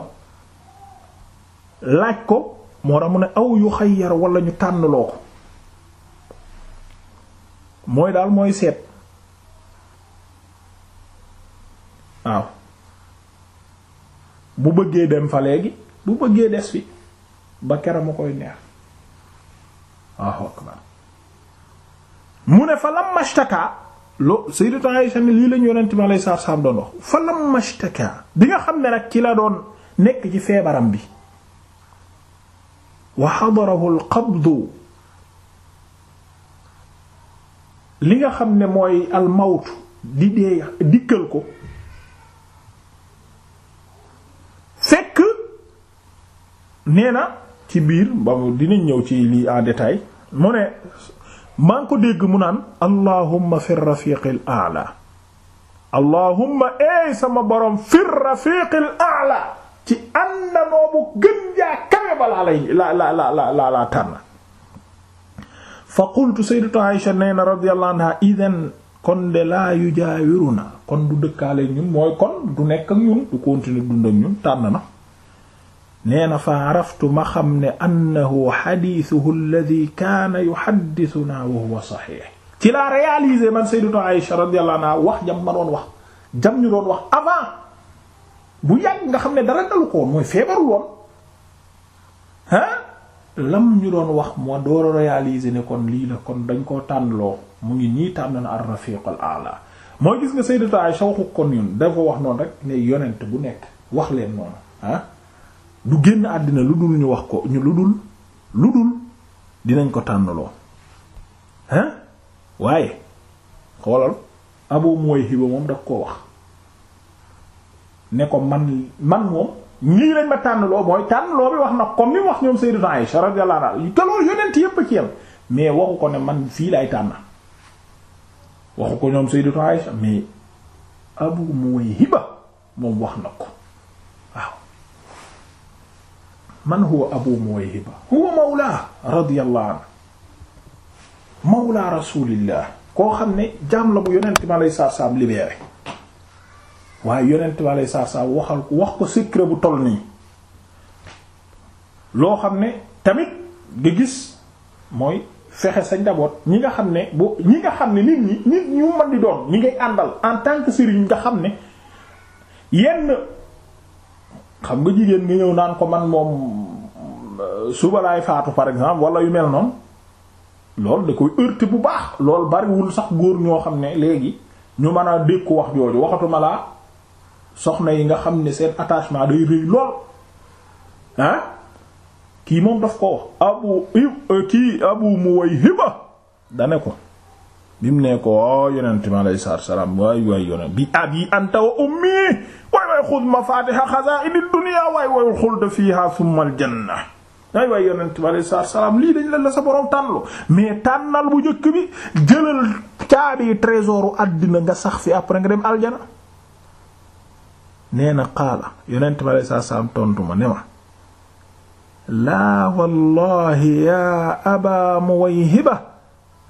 laaj ko moo tax mu ne aw yuxayyar wala ñu tànnloo ko mooy daal mooy seet waaw bu bëggee dem fa léegi bu bëggee des fi ba keroog ma koy neex waaw akbar mu ne fa lam mashtaka lo Sayyidatu Aisha ne lii lañu yonent bi alayhi salaam doon wax fa lam mashtaka bi nga xam ne nag ci la doon nekk ci feebaram bi wa hadarahu al li nga xam ne mooy almawtu di dee dikkal ko fekk nee na ci biir ba dinañ ñëw ci lii en détail mu ne maa ngi ko dégg mu naan allahumma fi rafiqil a'la allahumma eey sama borom fi rafiqil a'la ci àndanoo bu gën jaa kawe ba laa lay laa laa laa laa laa tànn fa qultu sayyidatu Aisha nee na radiyallahu anha idan kon de laa yujaawiruna kon du dëkkaale ñun mooy kon du nekk ak ñun du continuer dund ñun tànn na nee na fa araftu ma xam ne annahu xadiisuhu alladi kaana yuxaddisuna wa huwa saxiix ci laa réalisé man sayyidatu wax jam ma wax jam ñu doon wax avant bu yàgg nga xam ne dara dalu ko woon mooy feebaru woon ah lam ñu doon wax moo door a réaliser ne kon lii la kon dañ koo tànnloo mu ngi nii tànn na ar-rafiqul a'la mooy gis nga sayyidatu Aisha waxu kon ñun dafa wax noonu rek ne yonent bu nekk wax leen noonu ah du génn àddina lu dul ñu wax ko ñu lu dul lu dul dinañ ko tànnloo ah waaye xoolal Abu Muwayhiba moom daf koo wax ne ko man man moom nii lañ ma tànn loo mooy tànn loo bi wax na comme ni wax ñoom Sayyidatu Aisha radiyallahu anha te loolu yonent yépp ci yam mais waxu ko ne man fii lay tànn waxu ko ñoom Sayyidatu Aisha mais Abu Muwayhiba moom wax na ko waaw man huwa Abu Muwayhiba huwa mawla radiyallahu anhu mawla rasulillah koo xam ne jaam la bu yonent ma lay saar saam libéré waaye yonent bi aleyhi salaatu salaam waxal ko wax ko secret bu toll nii loo xam ne tamit nga gis mooy fexe sa njaboot ñi nga xam ne bu ñi nga xam ne nit ñi nit ñu mën di doon ñi ngi àndal en tant que sëriñ nga xam ne yenn xam nga jigéen nga ñëw naan ko man moom euh, suba laay faatu par exemple wala yu mel noonu loolu da koy heurter bu baax lool bariwul sax góor ñoo xam ne léegi ñu mën a dégg ko wax jooju waxatuma laa soxna yi nga xam ne seen attachement day rëy lool ah kii moom daf ko wax abu euh, kii abu muwayhiba dane ko bi mu ne ko yonent mi alayhi salaatu salaam waay waay yonent bi abi anta wa ummi waay waay xud mafaatiha xazaa'ini dunya waay waay xulda fiiha summa aljanna waay waay yonent mi alayhi salaatu salaam lii dañ la la sa borom tànlu mais tànnal bu njëkk bi jëlal caabi trésoru àddina nga sax fi après nga dem aljana nee na qaala yonent mi aleyhi salaatu ma ne ma laa wallahi yaa aba muwayhiba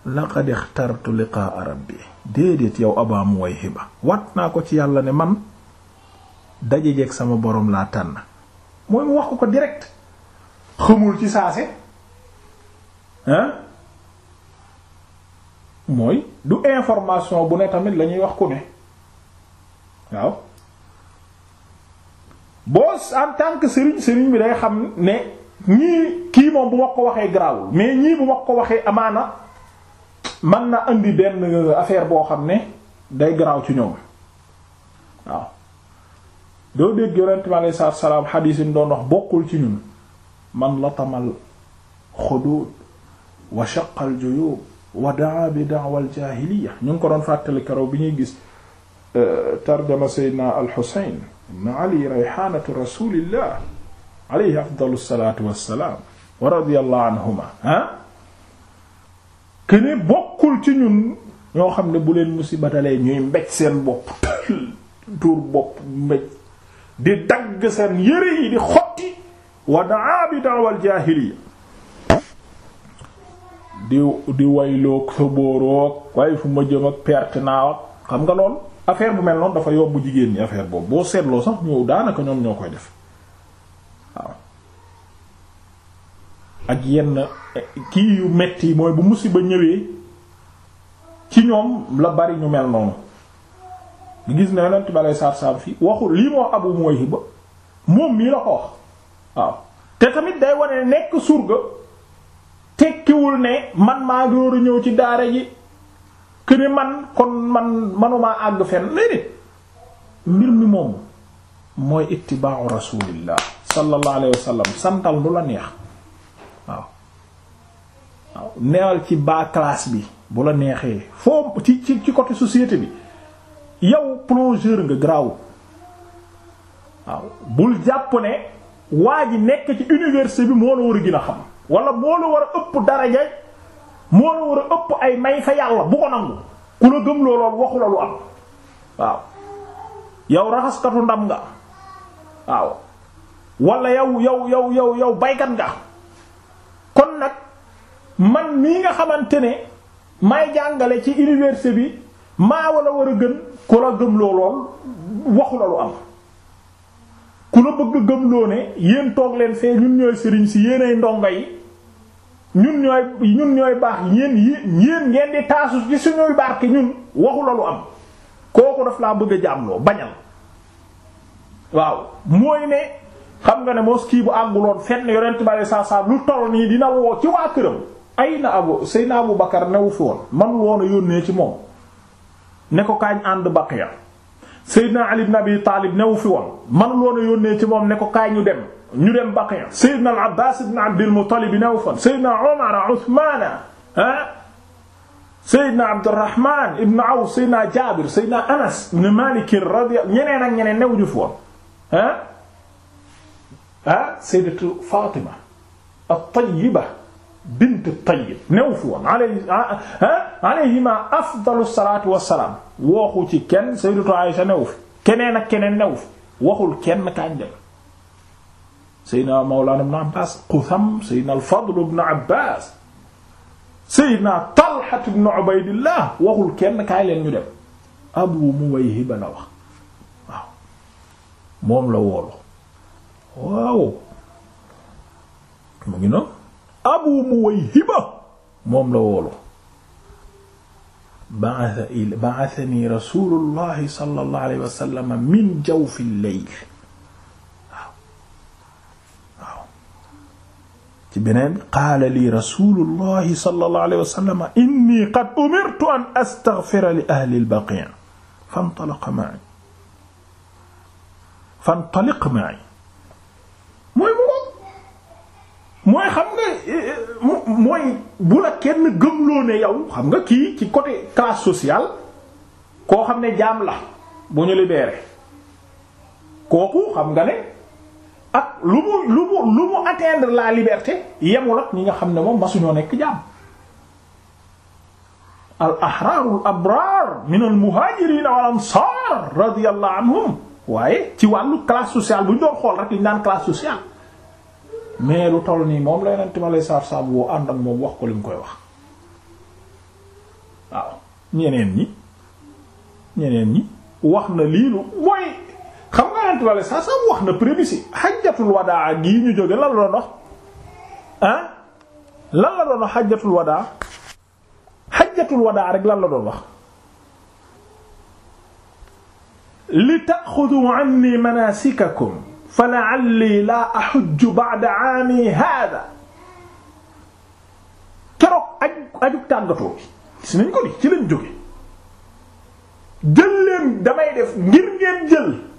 laqad ixtartu liqaa rabbi déedéet yow aba muwayhiba wat naa ko ci yàlla ne man dajejeeg sama boroom laa tànn mooy mu wax ko ko direct xamul ci saase hein mooy du information bu ne tamit lañuy wax ku ne waaw boo en tant que sëriñ sëriñ bi day xam ne ñii kii moom bu ma ko waxee garaawul mais ñii bu ma ko waxee amaana man na indi benn affaire boo xam ne day garaaw ci ñoom waaw doo dégg yonent bi aleyhi salaatu salaam xadiis yi doon wax bokkul ci ñun man latamal xuduud wa shaqal juyuub wa daa bi daawal jaahiliya ñu ngi ko doon fàttali keroog bi ñuy gis euh, tarjama Seydina al ibn ali rayhaanatu rasulillah alayhi afdalu salaatu wassalaam wa radiyallahu anhuma ah kene bokkul ci ñun ñoo xam ne bu leen musibatalee ñuy mbéj seen bopp *coughs* tuur bopp mbéj di dagg seen yëre yi di xotti wa daa bi da'wal jaahiliya di di sa bóoroog waaye fu ma jëm ak perte naa xam nga lool affaire bu mel noonu dafa yobbu jigéen ñi affaire boobu boo seetloo sax ñoo daanaka ñoom ñoo koy def waaw ak yenn kii yu metti yi mooy bu musiba ñëwee ci ñoom la bari ñu mel noonu gis na yonent bi alei saatu fii waxul lii moo abu mooy hiba moom mii la ko wax waaw te tamit day wane nekk surga tekkiwul ne man maa góoru ñëw ci daara ji këne man kon man manumaa àgg fenn mbir mi moom mooy ittiba'u rasulillah sallallahu alayhi wasallam santal lu la neex waaw waaw ci bas classe bi bu la neexee foo ci ci ci côté société bi yow plongeur nga graw waaw bul jàpp ne waa ji nekk ci université bi moo la war a gën a xam wala moo la war a ëpp daraja moo la war a ëpp ay may fa yàlla bu ko nangu ku la gëm looloon waxu la lu am waaw yow raxaskatu ndam nga waaw wala yow yow yow yow yow baykat nga kon nag man mii nga xamante ne may jàngale ci université bi maa wala war a gën ku la gëm looloon waxu la lu am ku la bëgg gëmloo ne yéen toog leen fee ñun ñooy sëriñ si yéenay ndongo yi ñun ñooy ñun ñooy baax yéen yéen ngeen di taasu ci suñuy barke ñun waxu la lu am kooku daf laa bëgg a jàmloo bañal waaw mooy ne xam nga ne mos kii bu àgguloon fenn yonent bale saasaam lu toll nii dina woo ci waa këram ay na abu Seydina bakkar Bakar newu fi woon man woon yónnee ci moom ne ko kaañ ànd Baqiya Seydina Ali ibn Abi Taalib newu fi woon man woon yónnee ci moom ne ko kaañu dem ñu dem Baqiya Seydina al Abbaas ibn Abdil Muttalib new fan Seydina Umar Usmaana ah Seydina Abdurrahmaan ibn Awf Seydina Jaabir Seydina Anas ibn Maalik radiyallahu ñeneen ak ñeneen new ñu foon ah ah Sayyidatu Faatima at-Tayyiba bint at-Tayyib new foon alayhima afdalu salaatu wassalaam waxu ci kenn Sayyidatu Aysa new fi keneen ak keneen new fi waxul kenn kañ Seydina Mawlana ibn Abbas Qutham Seydina al-Fadl ibn Abbas Seydina Talha ibn Ubaydillah waxul kenn kaay leen ñu dem Abu Muwayhiba la wax waaw moom la woolu waaw mu ngi noonu Abu Muwayhiba moom la woolu ba'athani rasuulullahi sallallahu alayhi wa sallam min jawfil layl ci beneen qaala li rasulullahi sallallahu alayhi wa sallam inni qad umirtu an astaghfira li ahli al-baqi' fantaliq ma'i mooy mu la kenn gëmloo ne yow xam nga kii ci côté classe social koo xam ne jaam la bu ñu libéré kooku xam nga ne ak lu mu lu mu lu mu atteindre la liberté yemul ñi nga xam ne moom masuñoo nekk jaam al ahraarul abraar min al muhaajiriin wal ansaar radiyallahu waaye ci wàllu classe sociale bu ñu doon xool rek li ñu naan classe sociale mais lu toll nii moom la yonent ma lay saar saab woo ànd ak moom wax ko li mu koy wax waaw ñeneen ñi ñeneen ñi wax na lii lu mooy xam nga yonent bi alayhi salaam wax na prémices yi xajjatul wadaa gii ñu jóge lan la doon wax ah lan la doon wax xajjatul wadaa xajjatul wadaa rek lan la doon wax li taaxudu anni manaasikakum fa la'alli laa axujju ba'da 'aami haadaa keroog aju aju tàggatoo bi gis nañ ko ni ci lañ jóge jël leen damay def ngir ngeen jël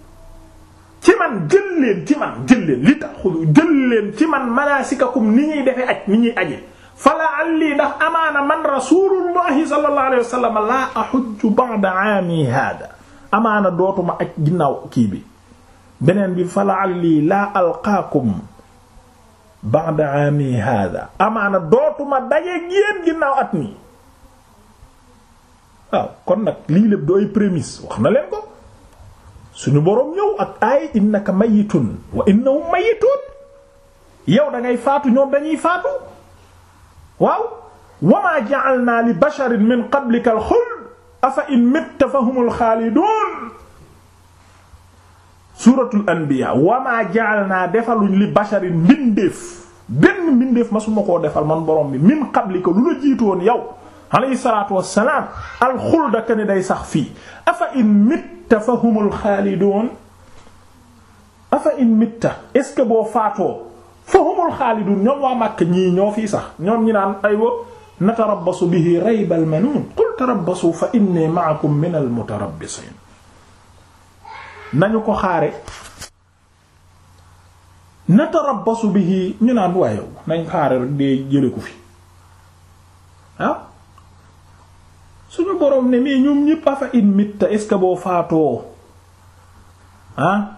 leen ci man jël leen li taxudu jël leen ci man manasikakum ni ñuy defe aj ni ñuy aje fala alli ndax amaana man rasulullahi sallallahu alayhi wa laa ahujju ba'da aami hada amaana dootuma aj ginnaaw kii bi beneen bi fala alli laa alqaakum ba'da aami hada amaana dootuma dajeeg yéen ginnaaw at nii waaw kon nag lii lépp dooy prémisse wax leen ko suñu boroom yow ak aay innaka mayitun wa innahum faatu ñoom dañuy faatu waaw wa maa ja'alnaa li basharin min qablika al-xuld afa in mitta fahumul xaalidun suuratul anbiya wa maa ja'alnaa defaluñ li basharin mbindeef benn mbindeef masuma koo defal man borom mi min qablika lu la jiitoon yow alayhi salaatu wassalaam al-xuld ka ne day sax fii mitta fa humul afa in mitta est boo faatoo fa humul xaalidoon ñoom waa màkk ñii ñoo fii sax ñoom ñi naan aywa natarabbasu bihi raybal manuun qul tarabbasu fa inni ma'akum minal mutarabbisiin nañu ko xaare natarabbasu bihi ñu naan waaye nañ xaare dee jële ko fi ah? suñu borom ne mais ñoom ñépp afa in mitta est ce que boo ah,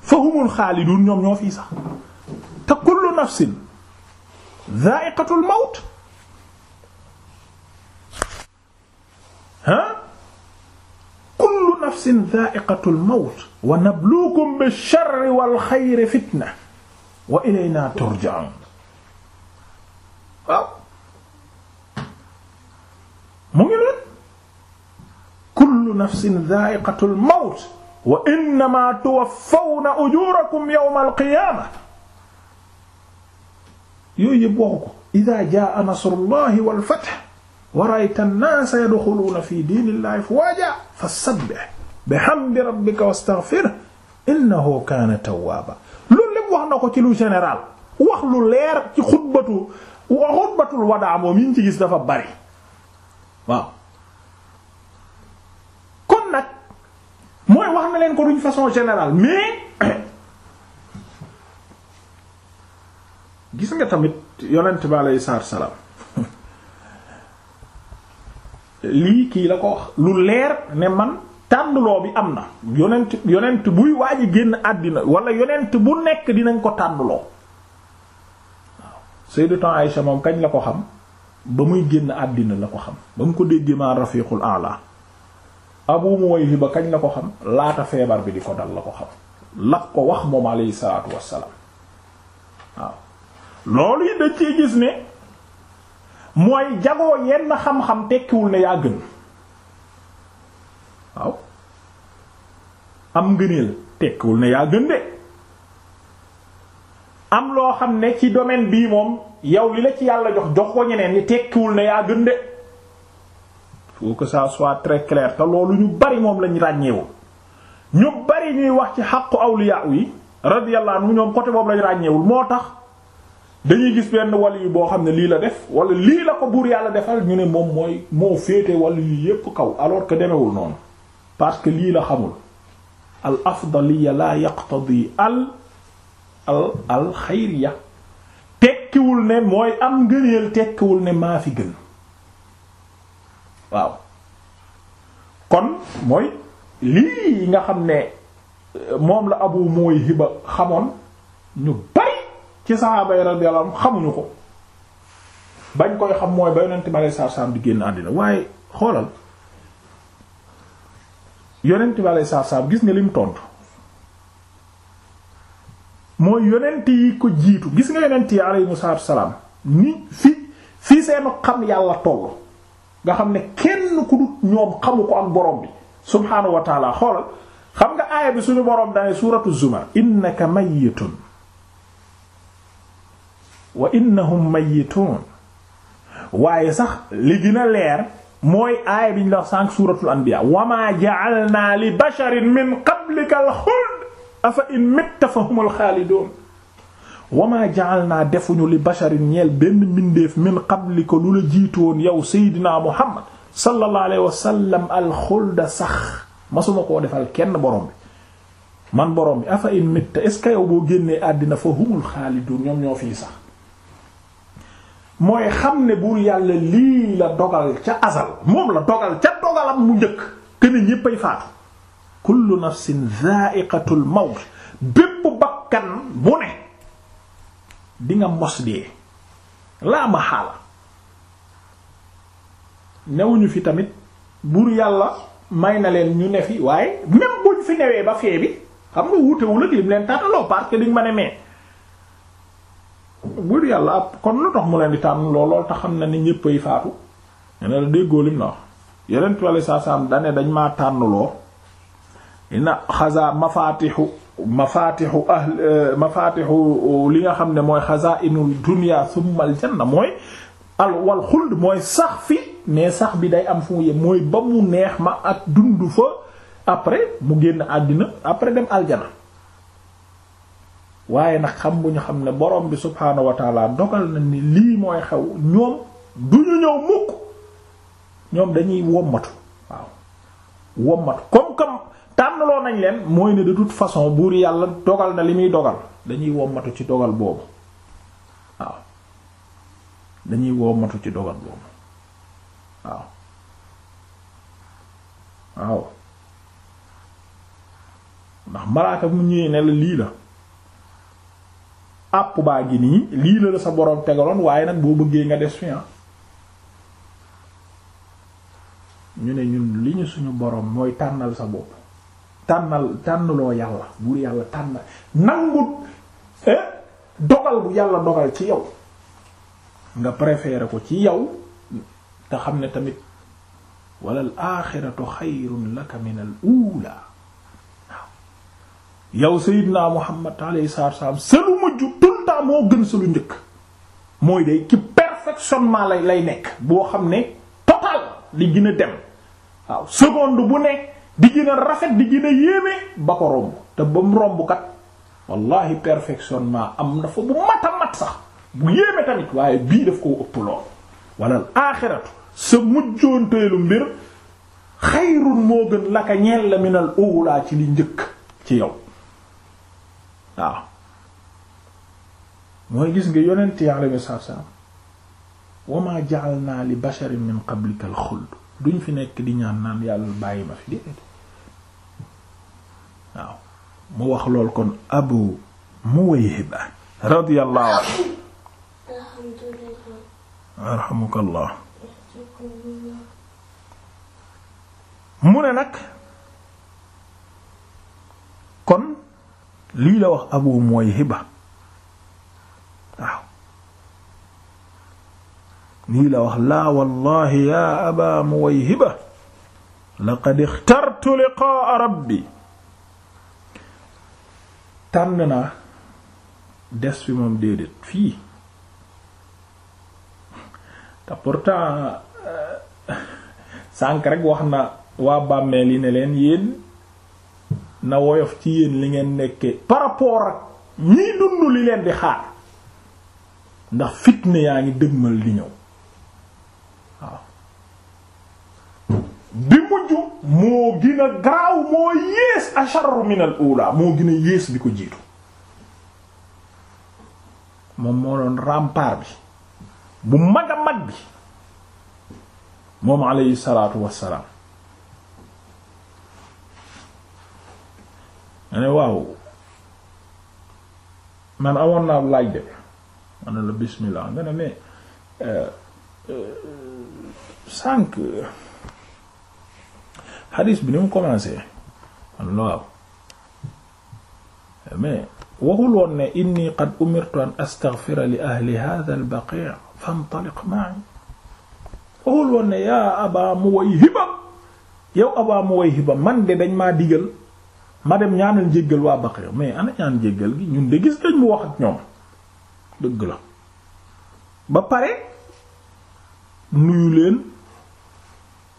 fa humul xaalidun ñoom ñoo fii sax te kullu nafsin dha'iqatul maut ah kullu wa nabluukum bish-sharri fitna wa ilayna turja'un mu ngi noonu kullu nafsin dha'iqatul mawt wa innama tuwaffawna ujurakum yawmal qiyaamah yooyu yëpp waxu ko idha jaa nasrullahi wal fath wa ra'ayta an-naasa yadkhuluuna fi diinillahi afwaaja fasabbih bihamdi rabbika wastaghfirhu innahu kaana tawwaaba loolu lépp wax na ko ci lu général wax lu leer ci xutbatu xutbatul wadaa moom yi ñu ci gis dafa bari waaw kon nag mooy wax na leen ko duñ façon général mais *coughs* gis nga tamit yonent bi aleyhi salaatu *coughs* lii kii la ko wax lu leer ne man tàndloo bi am na yonent yonent buy waaj a génn àddina wala yonent bu nekk dinañ ko tàndloo waaw Sayyidatu Aïcha moom kañ la ko xam ba muy génn àddina la ko xam ba mu ko déggee ma rafiqul a'la abu muwayhiba kañ la ko xam laata feebar bi di ko dal la ko xam la ko wax moom alayhi salaatu wassalaam waaw loolu yi dañ ciy gis ne mooy jagoo yenn xam-xam tekkiwul ne yaa gën waaw am ngëneel tekkiwul ne yaa gën de am loo xam ne ci domaine bii moom yow li la ci yàlla jox jox ko ñeneen ñi tekkiwul ne yaa gën de faut que ça soit très clair te loolu ñu bari moom lañ ràññeewul ñu bari ñuy wax ci xàqu awliya yi radiyallahu anhu ñoom côté moom lañ ràññeewul moo tax dañuy gis benn wàll yi boo xam ne lii la def wala lii la ko buur yàlla defal ñu ne moom mooy moo féete wàll yi yépp kaw alors que demewul noonu parce que lii la xamul al afdaliya la yaqtadi al al al xayriya tekkiwul ne mooy am ngëneel tekkiwul ne maa fi gën waaw kon mooy lii nga xam ne euh, moom la abu mooy hiba xamoon ñu bari ci saxaaba yi xamuñu ko bañ koy xam mooy ba yonent bi aleyhi salaatu salaam di génn àddina waaye xoolal yonent bi aleyhi salaatu salaam gis nga lim tontu mooy yonent yi ko jiitu gis nga yonent yi aleyhimu salaatu salaam ni fi fii seenu xam yàlla toll nga xam ne kenn ku ñoom xamu ko ak borom bi subhaanahu wa xoolal xam nga aaya bi suñu borom dane suuratu zumar innaka mayyitun wa innahum mayyitun waaye sax li gën a leer mooy aaya bi ñu la sànq suuratul anbiya wa maa ja'alnaa li basharin min qablikal xuld afa in mitta fa humul xaalidoon wamaa ja'alnaa defuñu li basharin ñeel benn mbindeef min qabli ko lu la jiitu yow seydinaa muhammad sallallahu alayhi wa sallam alxulda sax masuma koo defal kenn borom bi man borom bi afa in mitta est yow boo génnee àddina fa humul xaalidoon ñoom ñoo fii sax mooy xam ne buur yàlla lii la dogal ca asal moom la dogal ca dogalam mu njëkk kën a ay faatu kullu nafsin dha'iqatul mawt bépp bakkan bu ne di mos dee laa ma xaala newuñu fi tamit buur yàlla may na leen ñu ne fi waaye même buñ fi newee ba fee bi xam nga wuutewul ak lim leen tànnaloo parce que diñ ma ne mais buur yàlla ab kon lu tax mu leen di tànn lool lool tax xam na ni ñépp ay faatu. nga ne la déggoo lim na wax yeneen tool yi saa saa am dañ maa tànnaloo. ina xaza mafatixu mafaatixu ahl eh, mafatixu li nga xam ne mooy xazainul dunya thumma al janna mooy al wal xuld mooy sax fi mais sax bi day am fu mu yem mooy ba mu neex ma ak dund fa après mu génn àddina après dem aljana waaye nag xam bu ñu xam ne borom bi subhaanahu wa taala dogal na ni lii mooy xew ñoom du ñu ñëw mukk ñoom dañuy womatu waaw wommatu comme comme tànnaloo nañ leen mooy ne de toute façon buur yàlla dogal na li muy dogal dañuy wommatu ci dogal boobu waaw dañuy wommatu ci dogal boobu waaw ndax malaaka mu ñëwee ne la lii la àpp baa ngi nii lii la la sa boroom tegaloon waaye nag boo bëggee nga des fi ah ñu ne ñun li ñu suñu boroom mooy tànnal sa bopp tànnal tànnaloo yàlla buur yàlla tànn nangut eh, dogal bu yàlla dogal ci yow nga préféré ko ci yow te xam ne tamit wala al axiratu xayrun laka min al ula waaw sayidna muhammad alayhi salatu wassalam sa lu mujj tout moo gën sa lu njëkk mooy day ci perfectionnement lay lay nekk boo xam ne total li gën a dem waaw seconde bu nekk di gën rafet di gën a yéeme ba ko romb te ba mu romb kat wallahi perfectionnement am na fa bu mat sax bu yéeme tamit waaye bii daf koo ëpp lool walla aaxiratu sa mujjoonteelu mbir xayrun moo gën laka ñeel la minal uulaa ci li njëkk ci yow waaw mooy gis nga yonent yi alayhi salaam wa maa ja'alnaa li basharin min qablikal xuld duñ fi nekk di ñaan naan yàlla bàyyi ma fi déedéet waaw mu wax lool kon abu muwayhiba radiyallahu anhu arhamukallah mu ne nag kon lii la wax abu muwayhiba waaw lii la wax laa wallahi ya aba muwayhiba laqad ixtartu liqaa rabbi tànn naa des fi moom déedéet fii te pourtant euh, sànk rek wax na waa bàmmeel yi ne leen yéen na woyof ci yéen li ngeen nekkee par rapport ak ñiy dund li leen di xaar ndax fitne yaa ngi dëgmal di ñëw mujj moo gën a moo yées asharru min al moo gën yées bi ko jiitu moom moo doon rempart bi bu mag bi moom alayhi salaatu wassalaam ma ne waaw man awoon naa laaj de ma ne la bismillah nga ne mais euh, euh, sànq xadiis bi ni mu commencé waaw mais waxul woon ne inni qad umirtu an astaghfira li ahli hadha al baqi' fantaliq waxul woon ne yaa Abaa Muwayhiba yow Abaa Muwayhiba man de dañ maa digal ma dem ñaanal jéggal waa baqi' mais ana ñaan jéggal gi ñun de gis dañ mu wax ak ñoom dëgg la ba pare nuyu leen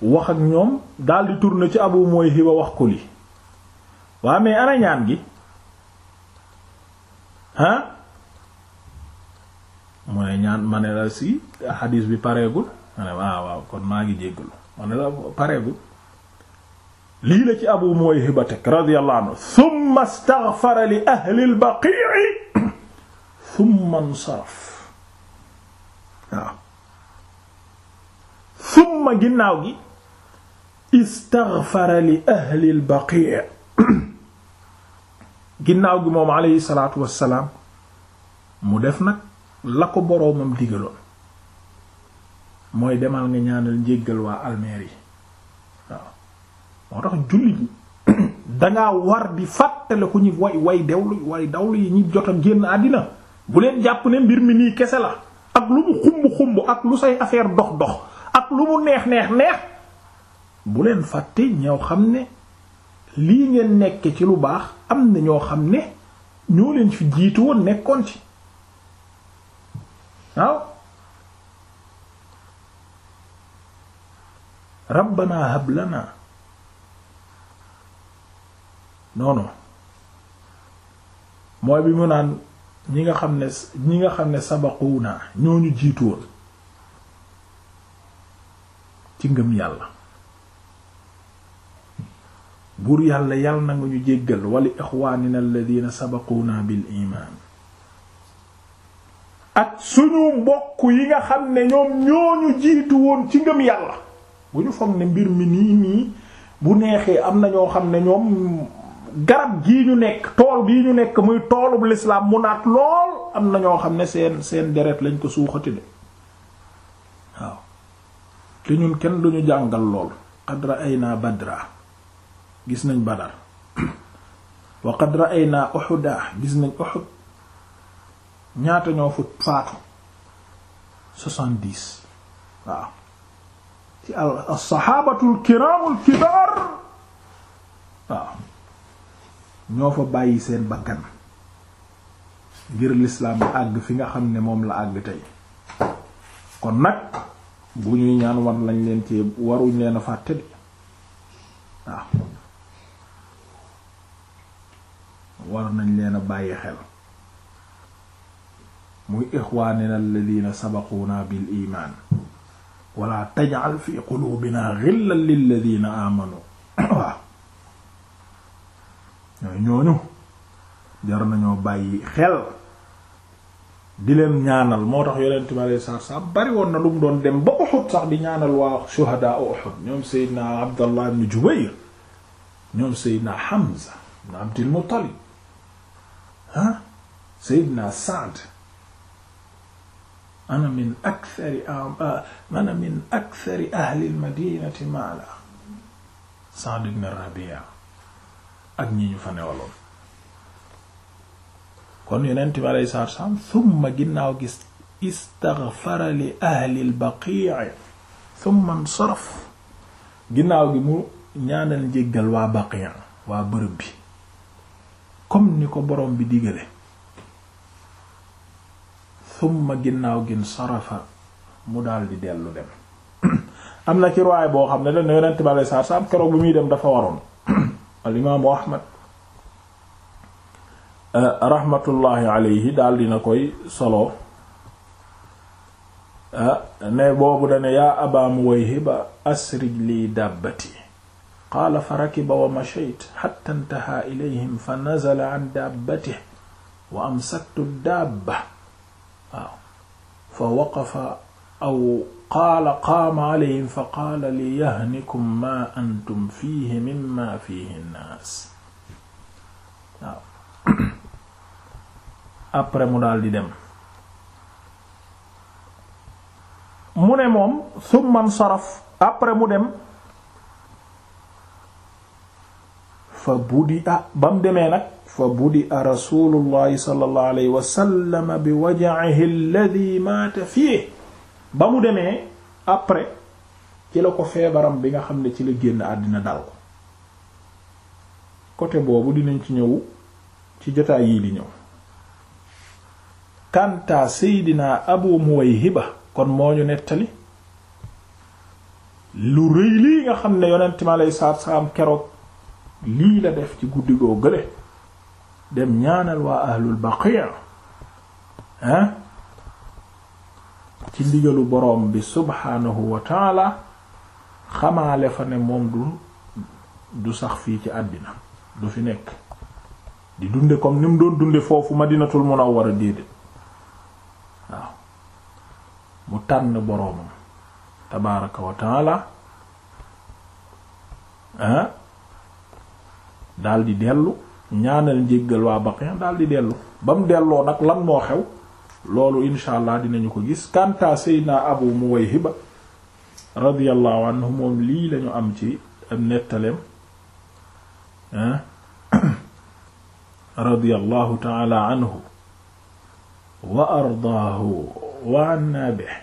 wax ak ñoom daldi tourner ci Abu Muwayhiba wax ko li waa mais ana ñaan gi ah mu ne ñaan ma ne la si xadiis bi pareegul ma ne maa ngi jéggalu ma ne la pareegul lii la ci Abu Muwayhiba teg radiyallahu anhu thumma istaghfara li ahli al-baqi'i thumma waaw thumma ginnaaw gi istaghfara li ahli al-baqi' *clears throat* ginnaaw gi moom aleyhi salaatu wassalaam mu def nag la ko boroomam digaloon mooy demal nga ñaanal njéggal waa almeer yi moo tax jullit *clears throat* dangaa war di fàttale ku ñi way way dewlu way dawlu yi ñi jot génn àddina bu leen jàpp ne mbir mi nii kese la ak lu mu xumb xumb ak lu say affaire dox dox ak lu mu neex neex neex buleen fàtte ñoo xam ne lii ngeen nekke ci lu baax am na ñoo xam ne ñoo leen fi jiitu woon nekkoon ci waaw rabbana hab noonu non mooy bi mu naan ñi nga xam ne ñi nga xam ne ñoo ñu jiitu woon ci ngëm yàlla buur yàlla yàlla na nga ñu jéggal wali ixwaanina alladina sabaquuna bil imaan ak suñu mbokk yi nga xam ne ñoom ñoo ñu jiitu woon ci ngëm yàlla bu ñu foog ne mbir mi nii nii bu neexee am na ñoo xam ne ñoom garab gii ñu nekk tool bii ñu nekk muy toolub lislaam mu naat lool am na ñoo xam ne seen seen deret lañ ko suuxati de waaw te ñun kenn duñu jàngal lool qad ra'ayna badra gis nañ badar *clears throat* wa qad ra'ayna uhuda gis nañ uhud ñaata ñoo fa faatu soixante-dix waaw ci as-sahabatul kiramul kibar waaw ñoo fa bàyyi seen bakkan ngir lislaam bi àgg fi nga xam ne moom la àgg tey kon nag bu ñuy ñaan war lañ leen ci waruñ leen fàtte de waaw war nañ leen a bàyyi xel muy ixwaanina alladina sabaquuna bil imaan wala tajal fi quluubina ghillan lilladina amanu ñooñu jar nañoo bàyyi xel di leen ñaanal moo tax yonent bi alayhi salaatu salaam bari woon na lu mu doon dem ba Uhud sax di ñaanal waa shuhadaa Uhud ñoom Seydina Abdallah ibn Jubayr ñoom Seydina Hamza ibn Abdul Muttalib ah Seydina Saad ana min akthari ah, ah, ana min akthari ahli al-madinati mala Saad ibn Rabi'a ak ñi ñu fa newaloon kon yeneen mi aleyi saatu salaam thumma ginnaaw gis istaghfara li ahli al-baqi'i thumma insaraf ginnaaw gi mu ñaanal njéggal waa baqi'a waa bërëb bi comme ni ko borom bi digale summa ginnaaw gin sarafa mu dal di dellu dem *clears throat* am na ci boo xam ne dañ yonent bi alayhi salaam keroog bi muy dem dafa waroon *clears throat* al imaamu Ahmad eh, rahmatullahi alayhi daldi na koy solo eh, ne boobu dane yaa Abaa Muwayhiba asrij lii dàbbati qaala fa rakiba wa macheyt xatta ntahaa ilayhim fa nazala an daabbatih wa amsaktu daabba waaw fa waqafa aw qaala qaama alayhim fa qaala li yahnikum maa antum fiihi mimmaa fiihi nnaas waaw après mu daal di dem mu ne moom summa nsaraf après mu dem fa budi a ba mu demee nag fa budi a rasulullahi sallallahu alayhi wa sallam bi waja'ihi alladhi maata fii ba mu demee après ci la ko feebaram bi nga xam ne ci la génn àddina daal ko côté boobu dinañ ci ñëw ci jotaay yii di ñëw kanta seydina abu muwayhiba kon moo ñu nettali lu rëy lii nga xam ne yonent mi alayhi salaatu salaam keroog lii la def ci guddi goo gële dem ñaanal waa ahlul baqi' ah ci ndigalu boroom bi subhaanahu wa taala xamaale fa ne moom du sax fii ci àddina du fi nekk di dunde comme ni mu doon dunde foofu ma dinatul madinatul munawwara déedéet waaw mu tànn boroomam tabaaraka wa taala daal di dellu ñaanal njéggal waa Baqiya daal di dellu ba mu delloo nag lan moo xew loolu insha allah dinañu ko gis kanta Seydina Abu Muwayhiba radiyallahu moom lii lañu am ci nettaleem *coughs* radiyallahu ta'ala anhu wa ardaahu wa anna bihi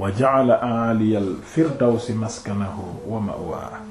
wa ja'ala a'aliyal firdawsi maskanahu wa ma'waahu